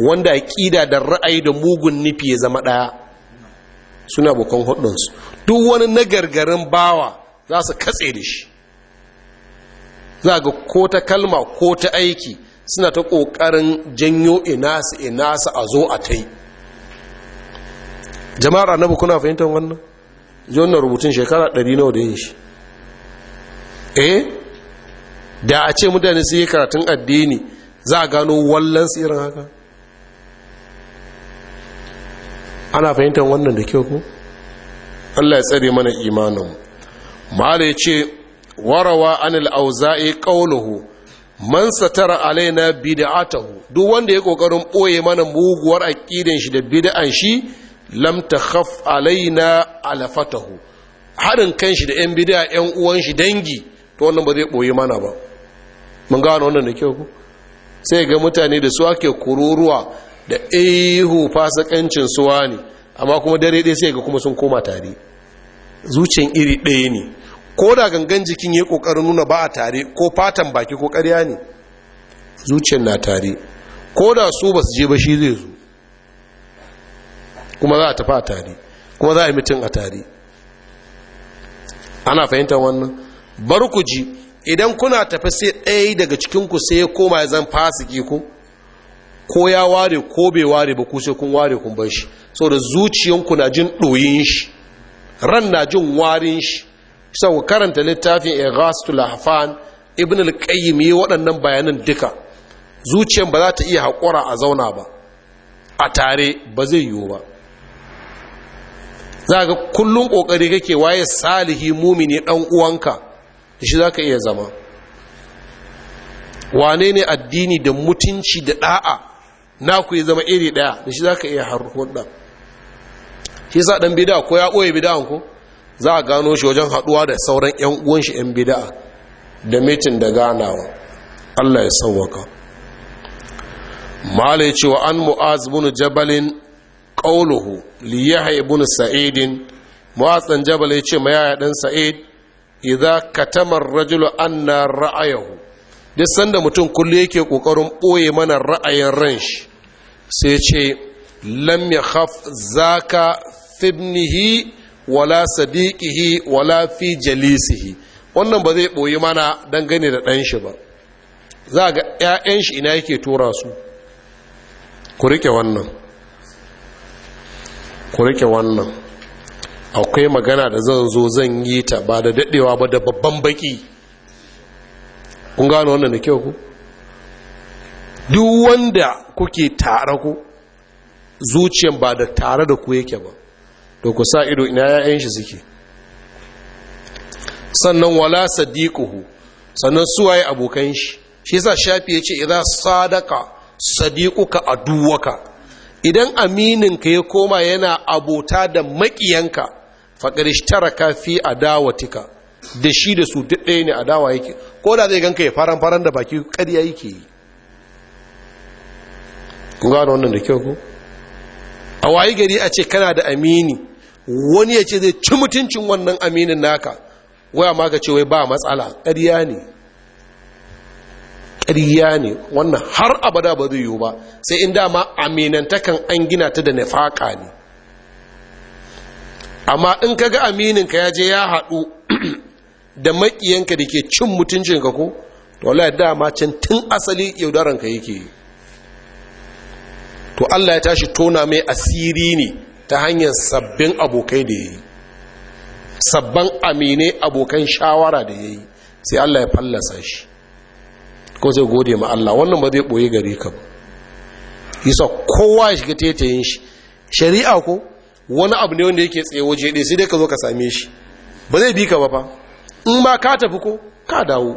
wanda ƙida da ra'ayi da mugun nufi ya zama ɗaya suna bukon hudunsu duk wani na nagargarin bawa za su katse da shi za ga ko ta kalma ko ta aiki suna ta ƙoƙarin janyo ina su a zo a ta yi jama'ar annabi kuna fahimtar wannan ji rubutun shekara ɗari nawa da yin shi eh da a ce mutane su yi karatun addini za a gano wallon tsirin haka ana fahimtar wannan da kyau ko allah ya tsare mana imanin mala ya ce warawa anil auza'i qawluhu man satara alaina bida'atahu duk wanda ya kokarin ɓoye mana muguwar aqidan shi da bida'an shi lam takhaf alaina alafatahu Harin kan shi da yan bid'a yan uwan shi dangi to wannan ba zai boye mana ba mun gano wannan da kyau sai ga mutane da su ake kururuwa da ihu fasakancin suwa ne amma kuma dare ɗaya sai ga kuma sun koma tare zuciyan iri ɗaya ne ko da gangan jikin ya kokarin nuna ba a tare ko fatan baki ko ƙarya ne Zuciyan na tare ko da su ba su je ba shi zai zo kuma za a tafi a tare kuma za a yi mutum a tare ana fahimtar wannan bar ku ji idan kuna tafi sai ɗaya daga cikinku sai ya koma ya zan fasiki ku ko ya ware ko bai ware ba ku sai kun ware kun bar shi saboda zuciyanku na jin ɗoyin shi ran na jin warin shi sau karanta littafin ighasatul lahfan ibn al yi waɗannan bayanan duka zuciyan ba za ta iya haƙura a zauna ba a tare ba zai yiwu ba za ga kullum ƙoƙari kake waye salihi mumini ɗan uwanka shi za ka iya zama wane ne addini da mutunci da ɗa'a na ku yi zama iri ɗaya da shi za ka iya ɗan. shi sa ɗan bida ko ya ɓoye bida'an ko za a gano shi wajen haɗuwa da sauran 'yan uwan shi 'yan bida'a da mitin da ganawa allah ya sauwaka Malai ya an mu'az bin jabalin Ƙauluhu, li yahya ibn sa'id mu'athan jabal yace ma yaya dan sa'id idza katama ar-rajulu anna ra'ayahu duk sanda mutum kullu yake kokarin boye mana ra'ayin ran shi sai ce lam yakhaf zaka fibnihi wala sadiqihi wala fi jalisihi wannan ba zai boye mana dangane da dan shi ba za ga 'ya'yan shi ina yake tura su ku rike wannan ku rike wannan akwai magana da zan zo zan yi ta ba da daɗewa ba da babban baki kun gano wannan da kyau ku duk wanda kuke tare ku zuciyan ba da tare da ku yake ba to ku sa ido ina ya'yan shi suke sannan wala sadiquhu sannan suwaye abokan shi shi yasa shafi yace idza sadaka sadiquka aduwaka idan amininka ya koma yana abota da maƙiyanka faƙarishtara a adawatika da shi da su duk ne a dawa yake ko da zai ganka ya faran faran da baki ƙarya yake yi ku gano wannan da kyau ku a wayi gari a ce kana da amini wani ya ce zai ci mutuncin wannan aminin naka waya ma ka ce wai ba matsala Karya ne ƙarya ne wannan har abada ba zai yiwu ba sai in dama aminantakan an gina ta da nafaka ne amma in kaga amininka ya je ya haɗu *clears throat* da maƙiyanka da ke cin mutuncinka ko to ya dama can tun asali yaudaranka yake to Allah ya tashi tona mai asiri ne ta hanyar sabbin abokai da ya yi sabban amine abokan shawara da ya yi sai Allah ya fallasa shi ko zai gode ma Allah wannan ba zai boye gare ka ba yasa kowa ya shiga tetayin shi shari'a ko wani abu ne wanda yake tsaye waje ɗaya sai dai ka zo ka same shi ba zai bi ka ba fa in ma ka tafi ko ka dawo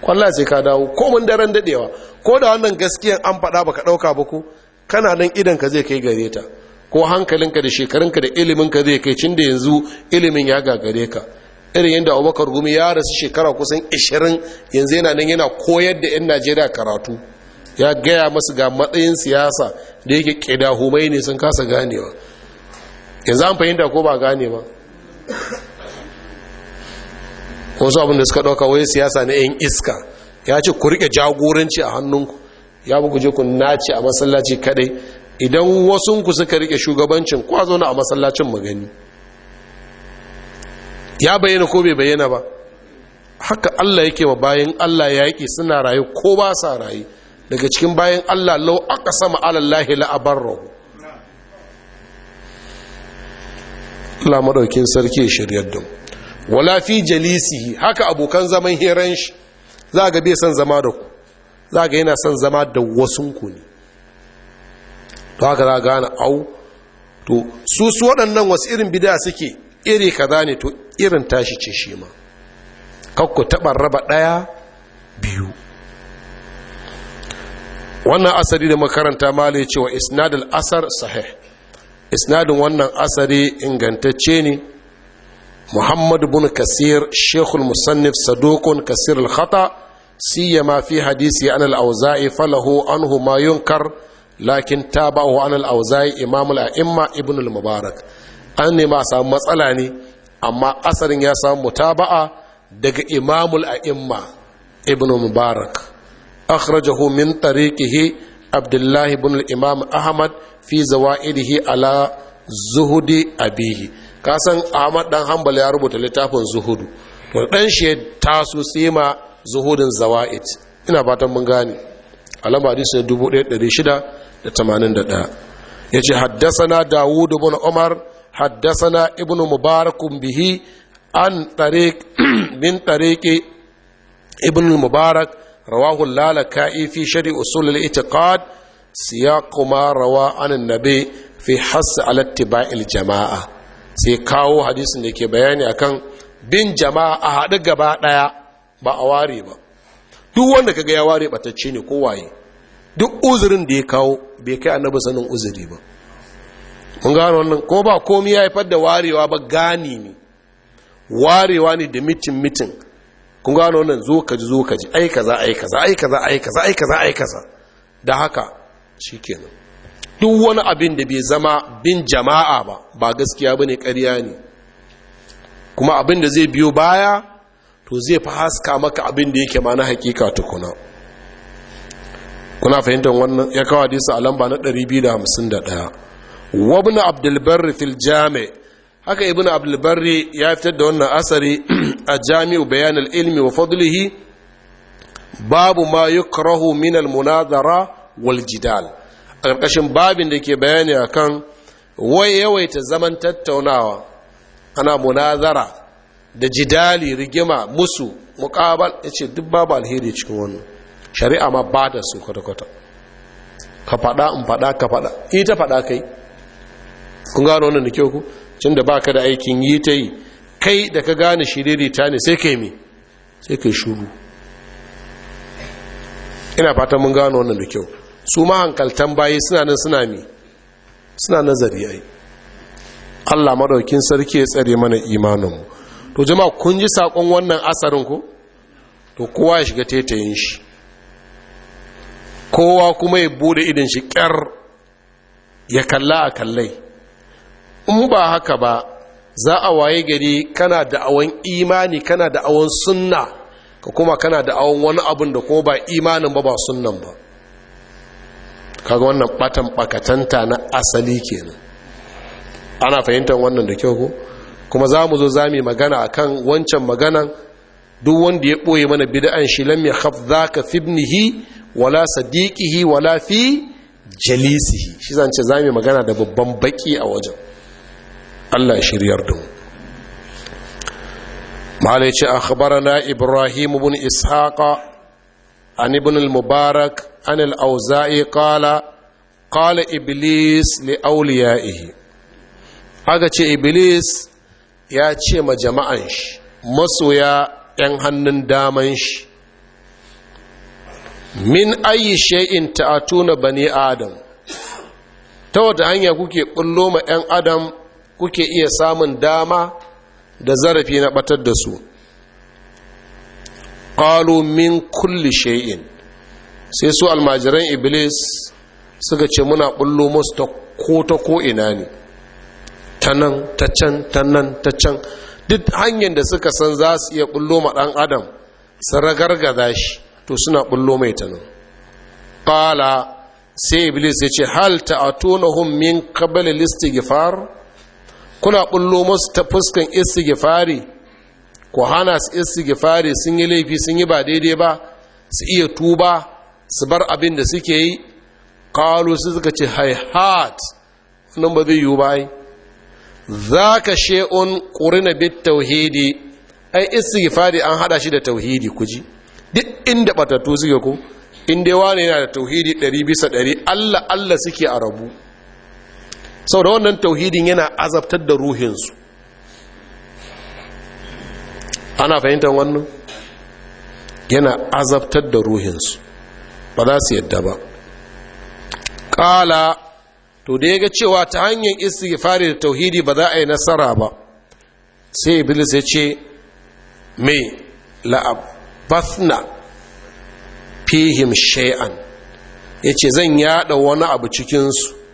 Kwallaye sai ka dawo ko mun daren dadewa ko da wannan gaskiyar an faɗa baka ɗauka ba ko kana nan idan ka zai kai gare ta ko hankalinka da shekarunka da iliminka zai kai cin da yanzu ilimin ya gagare ka irin yadda abubakar gumi ya rasu shekara kusan 20 yanzu yana nan yana koyar da 'yan najeriya karatu ya gaya masu ga matsayin siyasa da yake ƙida humai ne sun kasa ganewa yanzu an fahimta ko ba gane ba wasu abin suka ɗauka wai siyasa na 'yan iska ya ce ku rike jagoranci a hannunku ya buku je ku naci a masallaci kaɗai idan wasunku suka rike shugabancin kwazo zauna a masallacin magani gani ya bayyana ko bai bayyana ba haka Allah yake wa bayan Allah ya yake suna rayu ko ba sa rayu daga cikin bayan Allah lau aka sama alallahi la'abarrahu Allah madaukin sarki ya shiryar da wala fi jalisihi haka abokan zaman hiran shi za ga bai son zama da ku za ga yana son zama da wasun ku ne to haka za gane au to su su waɗannan wasu irin bida suke iri kaza ne to irin tashi ce shi ma kakku taɓa raba ɗaya biyu wannan asari da makaranta mali cewa isnadin asar sahih isnadin wannan asari ingantacce ne muhammad bin kasir shekul musannif sadokun kasir al-khata siyama fi hadisi an al-auza'i falahu anhu ma yunkar lakin tabahu an al-auza'i imam al-a'imma ibn al-mubarak an ne ma samu matsala ne amma asarin ya samu mutaba'a daga imamul a'imma ibn mubarak akhrajahu min tariqihi abdullah ibn al-imam ahmad fi zawaidihi ala zuhudi abihi kasan ahmad dan hanbal ya rubuta littafin zuhudu to dan shi su sima zuhudin zawaid ina fatan mun gane alama hadisi 1681 yace haddathana dawud ibn umar haddasana ibnu mubarakun bihi an tariq min tariqi ibnu mubarak rawahu lalaka'i fi shari usul al-i'tiqad siyaqu ma rawa an annabi fi hass ala ittiba'il jama'a sai kawo hadisin da ke bayani akan bin jama'a a haɗu gaba ɗaya ba a ware ba duk wanda kaga ya ware batacce ni ko waye duk uzurin da ya kawo bai kai annabi sanin uzuri ba Kun gano wannan ko ba komi ya haifar da warewa ba gani ne warewa ne da mitin mitin kun gano wannan zo ka ji zo ka ji ai kaza ai kaza ai kaza ai kaza ai kaza ai kaza da haka shikenan duk wani abin da bai zama bin jama'a ba ba gaskiya bane ƙarya ne kuma abin da zai biyo baya to zai fi haska maka abin da yake ma na hakika tukuna kuna fahimtar wannan ya kawo hadisi a lamba na 251 wa abdulbarri abdul fil jami haka ibn abdulbarri ya fitar da wannan asari a jami'u bayan al-ilmi wa fadlihi babu ma yukrahu min al-munazara wal jidal a ƙarƙashin babin da ke bayani akan wai yawaita zaman tattaunawa ana munazara da jidali rigima musu ya ce duk babu alheri cikin wannan shari'a ma ba da su kwata-kwata ka faɗa in faɗa ka faɗa ita faɗa kai kun gano wannan da kyau ku cin da baka da aikin yi ta yi kai da ka gane shiriri ta ne sai ka yi sai yi shuru ina fatan mun gano wannan da kyau su ma hankaltan bayi suna nan suna suna nazari ai Allah madaukin sarki ya tsare mana imanin mu. to jama'a kun ji sakon wannan asarin ku to kowa ya shiga tetayin shi kowa kuma ya bude idan shi kyar ya kalla a kallai in ba haka ba za a waye gari kana da awon imani kana da awon sunna ka kuma kana da awon wani abin da ko ba imanin ba ba sunnan ba kaga wannan batan bakatanta na asali kenan ana fahimtar wannan da kyau ko kuma za mu zo za mu magana a kan wancan maganan duk wanda ya ɓoye mana bida'an shi lam ya haf za ka fibnihi wala sadiqihi wala fi jalisihi shi zance za mu magana da babban baƙi a wajen Allah shiryar da mu malai akhbarana ibrahim ibn ishaqa an ibn al-mubarak an al-auza'i qala qala iblis li awliyaihi aga ce iblis ya ce ma jama'an shi masoya yan hannun daman shi min ayi shay'in ta'atuna bani adam ta wata hanya kuke kullo ma yan adam kuke iya samun dama da zarafi na batar da su ƙalu min kulli shay'in sai su almajiran iblis suka ce muna bullo musu ta ko ta ko ina ne ta nan ta can ta nan ta can duk hanyar da suka san za su iya bullo ma ɗan adam su ragargaza shi to suna bullo mai ta nan ƙala sai iblis ya ce hal ta ta'atunahum min kabbalin listi gifar? kuna bullo musu ta fuskan istighfari ko hana su istighfari sun yi laifi sun yi ba daidai ba su iya tuba su bar abin da suke yi kalu su suka ce hat nan ba zai yiwu ba ai za ka she'un ƙurina bit tauhidi ai istighfari an hada shi da tauhidi kuji duk inda ɓatattu suke ku in dai wani yana da tauhidi ɗari bisa ɗari allah allah suke a rabu sau da wannan tauhidin yana azabtar da ruhinsu ana fahimtar wannan yana azabtar da ruhinsu ba za su yadda ba ƙala to da ya ga cewa ta hanyar istighfari da tauhidi ba za a yi nasara ba sai iblis ya ce mai la'abbasna fihim shay'an ya ce zan yada wani abu cikinsu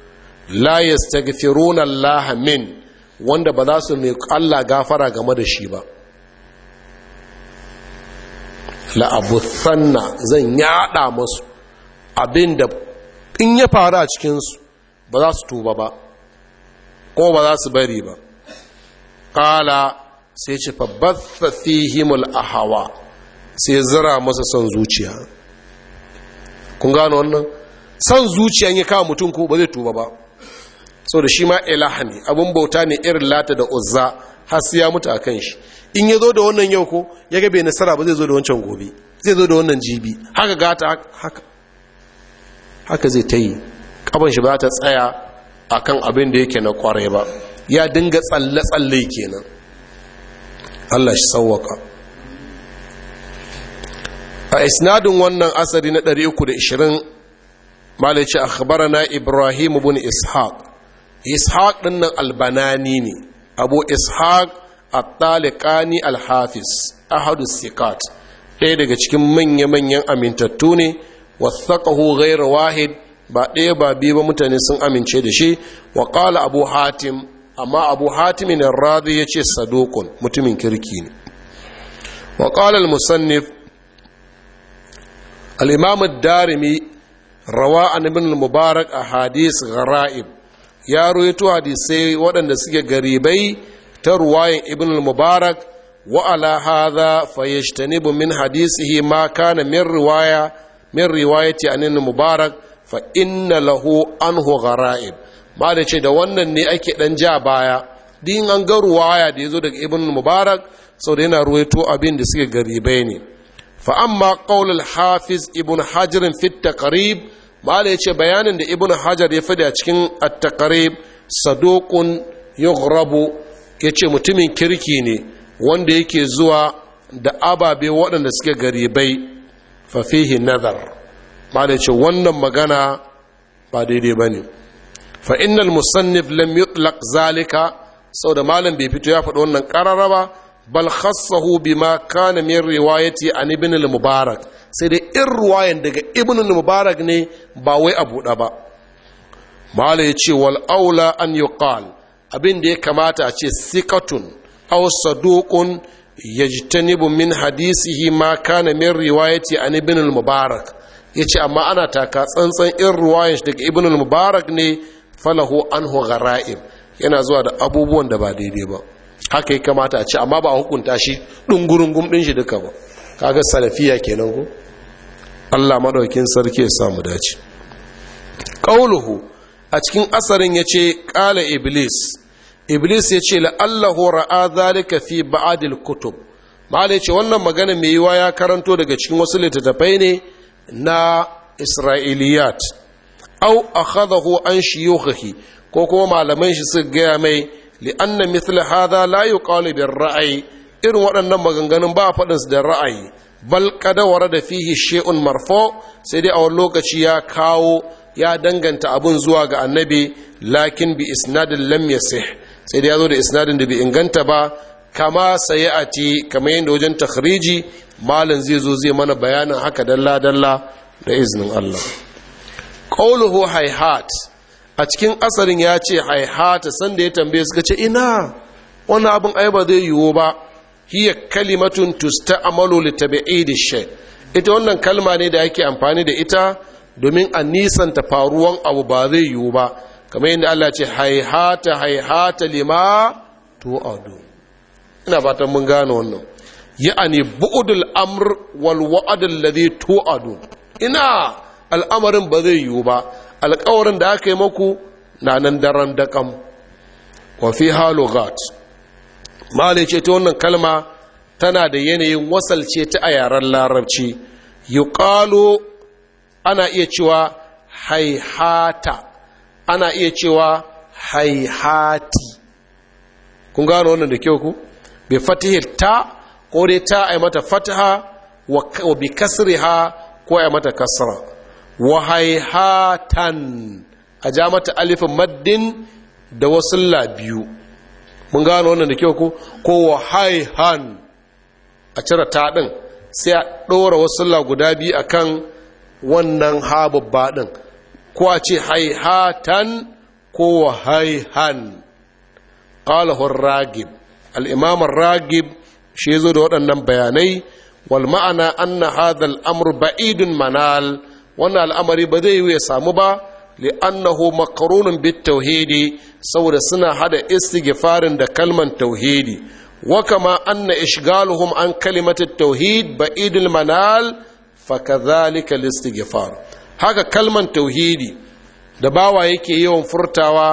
la yastaghfiruna Allah min wanda ba za su mai Allah gafara game da shi ba la sanna zan yada musu abinda in ya faru a cikin su ba za su tuba ba ko ba za su bari ba qala sai ce fa batha fihim al ahwa sai zira masa son zuciya kun gano wannan son zuciya ya kawo mutum ko ba zai tuba ba So da shi ma ilaha ne abin bauta ne irin lata da uzza har ya mutu a kan shi in ya zo da wannan yau ko ya ga bai nasara ba zai zo da wancan gobe zai zo da wannan jibi haka gata haka haka zai ta yi kaban shi ba ta tsaya a kan abin da yake na kwarai ba ya dinga tsalle-tsalle kenan allah shi sauwaka a isnadin wannan asari na 320 malaci akhbarana ibrahim bin ishaq ishaq din nan albanani ne abu ishaq at-talikani al-hafiz ahadu sikat ɗaya daga cikin manya-manyan amintattu ne wasaqahu ghairu wahid ba ɗaya ba biyu ba mutane sun amince da shi wa qala abu hatim amma abu hatim ne radi yace sadukun mutumin kirki ne wa qala al-musannif al-imam ad-darimi rawa an ibn al-mubarak ahadith gharaib ya ruwaito hadisai waɗanda suke garibai ta ruwayan ibn al-mubarak wa ala hadha fayajtanibu min hadisihi ma kana min riwaya min riwayati anin mubarak fa inna lahu anhu gharaib ba da ce da wannan ne ake dan ja baya din an ga ruwaya da yazo daga ibn mubarak sau da yana ruwaito abin da suke garibai ne fa amma qaul hafiz ibn hajr fi at da ya ce bayanin da ibn hajar ya da cikin attakarib sadokun yugrabu ya ce mutumin kirki ne wanda yake zuwa da ababe waɗanda suke gari bai fafihi nazar da ya ce wannan magana ba daidai ba ne fa innal musannif lam yutlaq zalika da malam bai fito ya faɗi wannan ƙarara ba bal khassahu bima kana min riwayati an ibn al-mubarak sai dai in ruwayan daga ibnul mubarak ne ba wai a buɗa ba mala ya ce wal aula an qal, abin da ya kamata a ce sikatun aw saduqun yajtanibu min hadisihi ma kana min riwayati an ibnul mubarak yace amma ana taka tsantsan in ruwayan daga ibnul mubarak ne falahu anhu gharaib yana zuwa da abubuwan da ba daidai ba haka ya kamata a ce amma ba a hukunta shi ɗungurungun ɗin shi duka ba kaga salafiya kenan ko allah maɗaukin sarki ya samu dace ƙauluhu a cikin asarin ya ce ƙala iblis iblis ya ce la'allahu ra'a zalika fi ba'adil kutub ma'ala ce wannan magana mai yiwa ya karanto daga cikin wasu littattafai ne na isra'iliyat au akhadahu an shiyukhihi ko kuma malaman shi suka gaya mai li'anna mithla hadha la yuqalu bir ra'ayi irin waɗannan maganganun ba faɗin su da ra'ayi bal kadawar da fihi she'un marfo sai dai a wani lokaci ya kawo ya danganta abun zuwa ga annabi lakin bi isnadin lam yasih sai dai ya zo da isnadin da bai inganta ba kama sayati kamar yadda wajen takhriji malam zai zo zai mana bayanin haka dalla dalla da iznin Allah qawluhu hayhat a cikin asarin ya ce hayhat sanda ya tambaye suka ce ina wannan abin ai ba zai yiwu ba hiya kalimatun tusta'malu li tabi'idi ita wannan kalma ne da ake amfani da ita domin a nisanta faruwan abu ba zai yiwu ba kamar yadda Allah ce haihata haihata lima tu'adu ina fatan mun gane wannan ya'ani bu'dul amr wal wa'd alladhi ina al'amarin ba zai yiwu ba alƙawarin da aka yi maku na nan daren daƙam wa fi malai ce ta wannan kalma tana da yanayin wasalce ta a yaren larabci yuqalu ana iya cewa haihata ana iya cewa haihati kun gano wannan da kyau ku bi fatihil ta ko dai ta ai mata fataha wa bi kasriha ko ai mata kasra wa haihatan a ja mata alifin maddin da wasu biyu mun gano wannan da kyau ko ko wa haihan a cire ta ɗin sai a ɗora wasu sallah guda biyu akan wannan ha babba ɗin ko a ce haihatan ko wa haihan hu ragib al'imamar ragib shi zo da waɗannan bayanai wal ma'ana anna hadha al-amr ba'idun manal wannan al'amari ba zai yi ya samu ba li'annahu maqrunun bit tauhidi saboda suna hada istighfarin da kalman tauhidi wakama anna ishgaluhum an kalimatat tauhid ba'idil manal fakadhalika listighfar haka kalman tauhidi da bawa yake yawan furtawa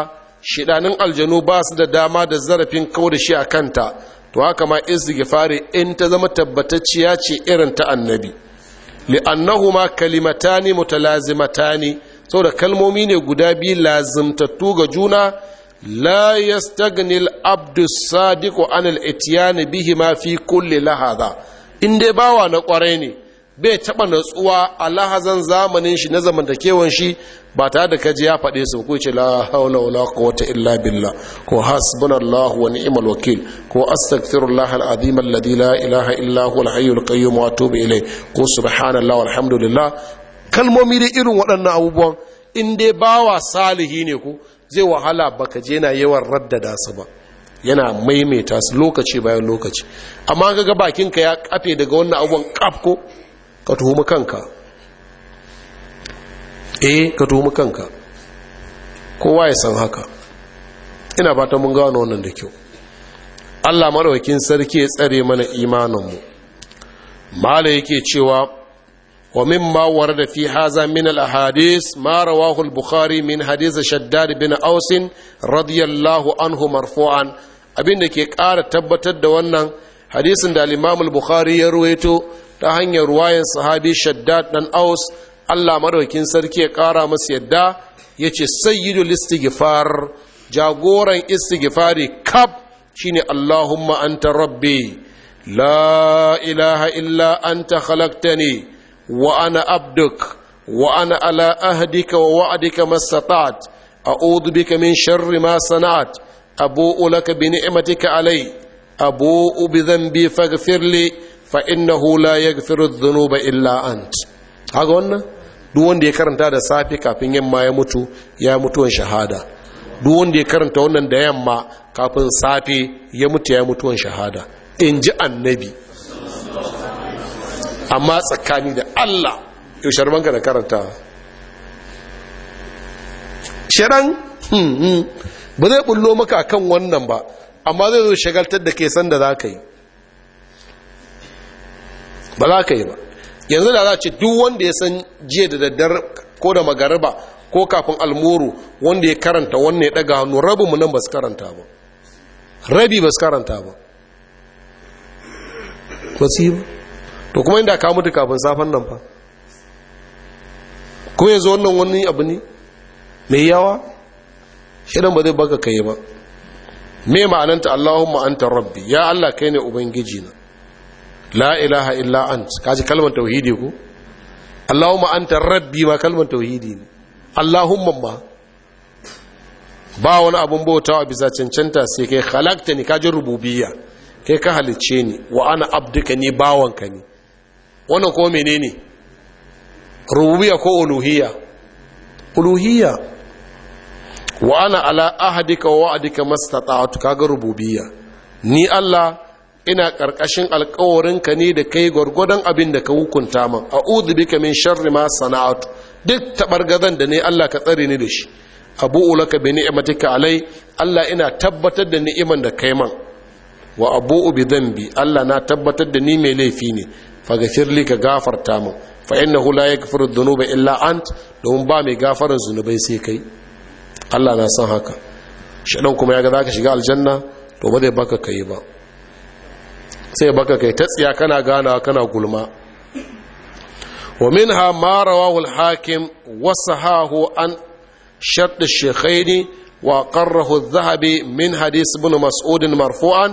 shiɗanin aljanu ba su da dama da zarafin kawo da shi a kanta to haka ma istighfari in ta zama tabbatacciya ce irin ta annabi li'annahuma kalimatani mutalazimatani saboda kalmomi ne guda biyu lazimtattu ga juna la yastagni al-abdu sadiqu an al-ityan fi kulli lahadha in dai bawa na kwarai ne bai taɓa natsuwa a lahazan zamanin shi na zamantakewan shi ba ta da kaji ya faɗe su ko ce la haula ko wata illa billah ko hasbunallahu wa ni'imal wakil ko astaghfirullah al alladhi la ilaha illa huwa al-hayyul qayyum wa atubu ilayh ko subhanallahi walhamdulillah kalmomi da irin waɗannan abubuwan in dai bawa salihi ne ko zai wahala baka je na yawan raddada su ba yana maimaita su lokaci bayan lokaci amma ga bakinka ya kafe daga wannan abubuwan kaf ka tuhumi kanka eh ka tuhumi kanka kowa ya san haka ina ba ta mun gano wannan da kyau allah maɗaukin sarki ya tsare mana imaninmu mala yake cewa wa min mimma warada fi haza min al ahadis ma rawahu al bukhari min hadith shaddad bin aus radiyallahu anhu marfu'an abinda ke ƙara tabbatar da wannan hadisin da al-imam al bukhari ya ruwaito ta hanyar ruwayan sahabi shaddad dan aus Allah madaukin sarki ya ƙara masa yadda ya ce sayyidul istighfar jagoran istighfari kab shine Allahumma anta rabbi la ilaha illa anta khalaqtani wa ana abduk wa ana ala ahdika wa wa'dika mastata'at a'udhu bika min sharri ma sana'at abu'u laka bi ni'matika alai abu'u bi dhanbi faghfir li fa innahu la yaghfiru dhunuba illa ant kaga wannan duk wanda ya karanta da safe kafin yamma ya mutu ya mutuwan shahada duk wanda ya karanta wannan da yamma kafin safe ya mutu ya mutuwan shahada in ji annabi amma tsakani da Allah yau sharmanka da karanta shirin hmm, hmm. ba zai bullo maka kan wannan ba amma zai zo shagaltar da ke san da za ka yi ba za ka yi ba yanzu da za ce duk wanda ya san jiya da daddar ko da magariba ko kafin almuru wanda ya karanta wannan ya daga hannu mu nan ba su karanta ba rabi ba su karanta ba ba su yi ba to kuma inda ka mutu kafin safan nan fa ko yanzu wannan wani abu ne mai yawa shirin ba zai baka kai ba me ma'ananta allahumma anta rabbi ya allah kai ne ubangiji na la ilaha illa ant kaji kalmar tauhidi ko? allahumma anta rabbi ma kalmar tauhidi ne allahumma ma ba wani abun bauta a bisa cancanta sai kai halakta ni kajin rububiyya kai ka halicce ni wa ana abduka ni bawanka ni. wannan ko menene rububiyya ko uluhiyya uluhiyya wa ana ala ahadika wa wa'adika mastata'tu kaga rububiyya ni allah ina ƙarƙashin ka ne da kai gwargwadon abin da ka hukunta min a'udhu bika min sharri ma sana'atu duk tabargazan da ne Allah ka tsare ni da shi abu'u laka bi ni'matika alai Allah ina tabbatar da ni'iman da kai man wa abu'u bi dhanbi Allah na tabbatar da ni mai laifi ne faghfir li ka gafarta min fa innahu la yaghfiru dhunuba illa ant domin ba mai gafarin zunubai sai kai Allah na san haka shaɗan kuma yaga zaka za ka shiga aljanna to ba zai baka kai ba sai baka kai ta tsiya kana ganawa kana gulma ومنها ما رواه الحاكم وصحاه عن شرط الشيخين وقره الذهبي من حديث ابن مسعود مرفوعا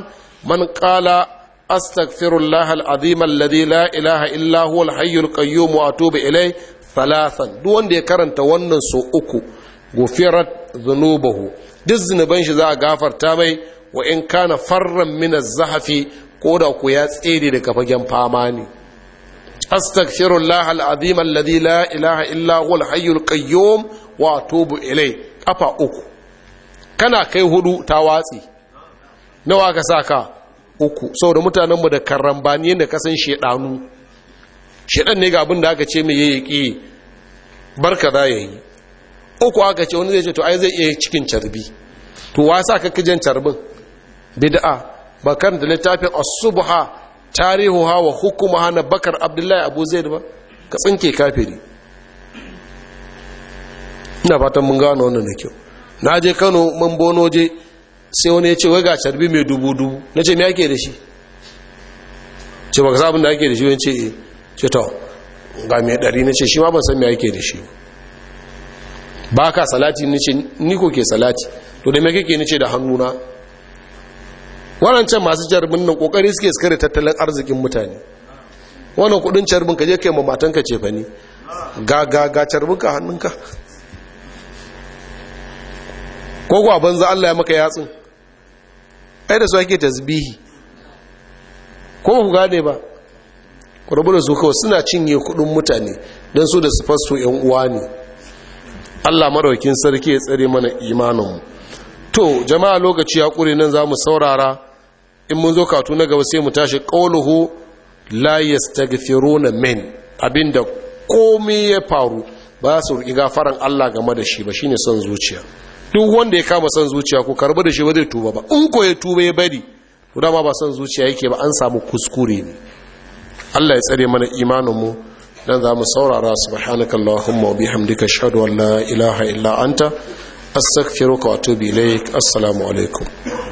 من قال استغفر الله العظيم الذي لا اله الا هو الحي القيوم واتوب اليه ثلاثا دو wanda ya karanta wannan so uku gufirat dhunubuhu duk zunuban shi za a gafarta mai wa in kana farran ko da ku ya tsere daga fagen fama ne lahal azimar alladhi la ilaha illa huwa hayyul qayyum wa tubu ilai kafa uku kana kai hudu ta watsi nawa ka saka uku da mutanen mu da karambani yanda ka san shedanu shedan ne ga abin da aka ce mai yayi ki barka da yayi uku aka ce wani zai ce to ai zai iya cikin carbi to wasa jan carbin bid'a ba da littafin as tarihu ha wa hukumaha na bakar abdullahi abu zaid ba ka tsinke kafiri ina fatan mun gano wannan na kyau na je kano mun bono je sai wani ya ce wai ga carbi mai dubu dubu na ce me ake da shi ce ba ka sabon da ake da shi wani ce eh ce to ga mai dari na ce shi ma ban san me ake da shi ba ka salati ni ce ni ko ke salati to da me kake ni ce da hannuna waɗancan masu jarumin nan ƙoƙari suke skare tattalin arzikin mutane wannan kudin carbin ka je kai ma matanka ce fa ga ga ga carbin ka hannunka ko kuwa banza Allah ya maka yatsun ai da su ake tasbihi ko ku gane ba ku da su suna cinye kudin mutane don su da su fasto yan uwa ne Allah maraukin sarki ya tsare mana mu. to jama'a lokaci ya kure nan za mu saurara in mun zo katu na gaba sai mu tashi qawluhu la yastaghfiruna min abinda komai ya faru ba su ruki gafaran Allah game da shi ba shine son zuciya duk wanda ya kama son zuciya ko karba da shi ba zai tuba ba in ko ya tuba ya bari to dama ba son zuciya yake ba an samu kuskure ne Allah ya tsare mana imanin mu dan za mu saurara subhanakallahumma wa bihamdika ashhadu an la ilaha illa anta astaghfiruka wa atubu ilaik assalamu alaikum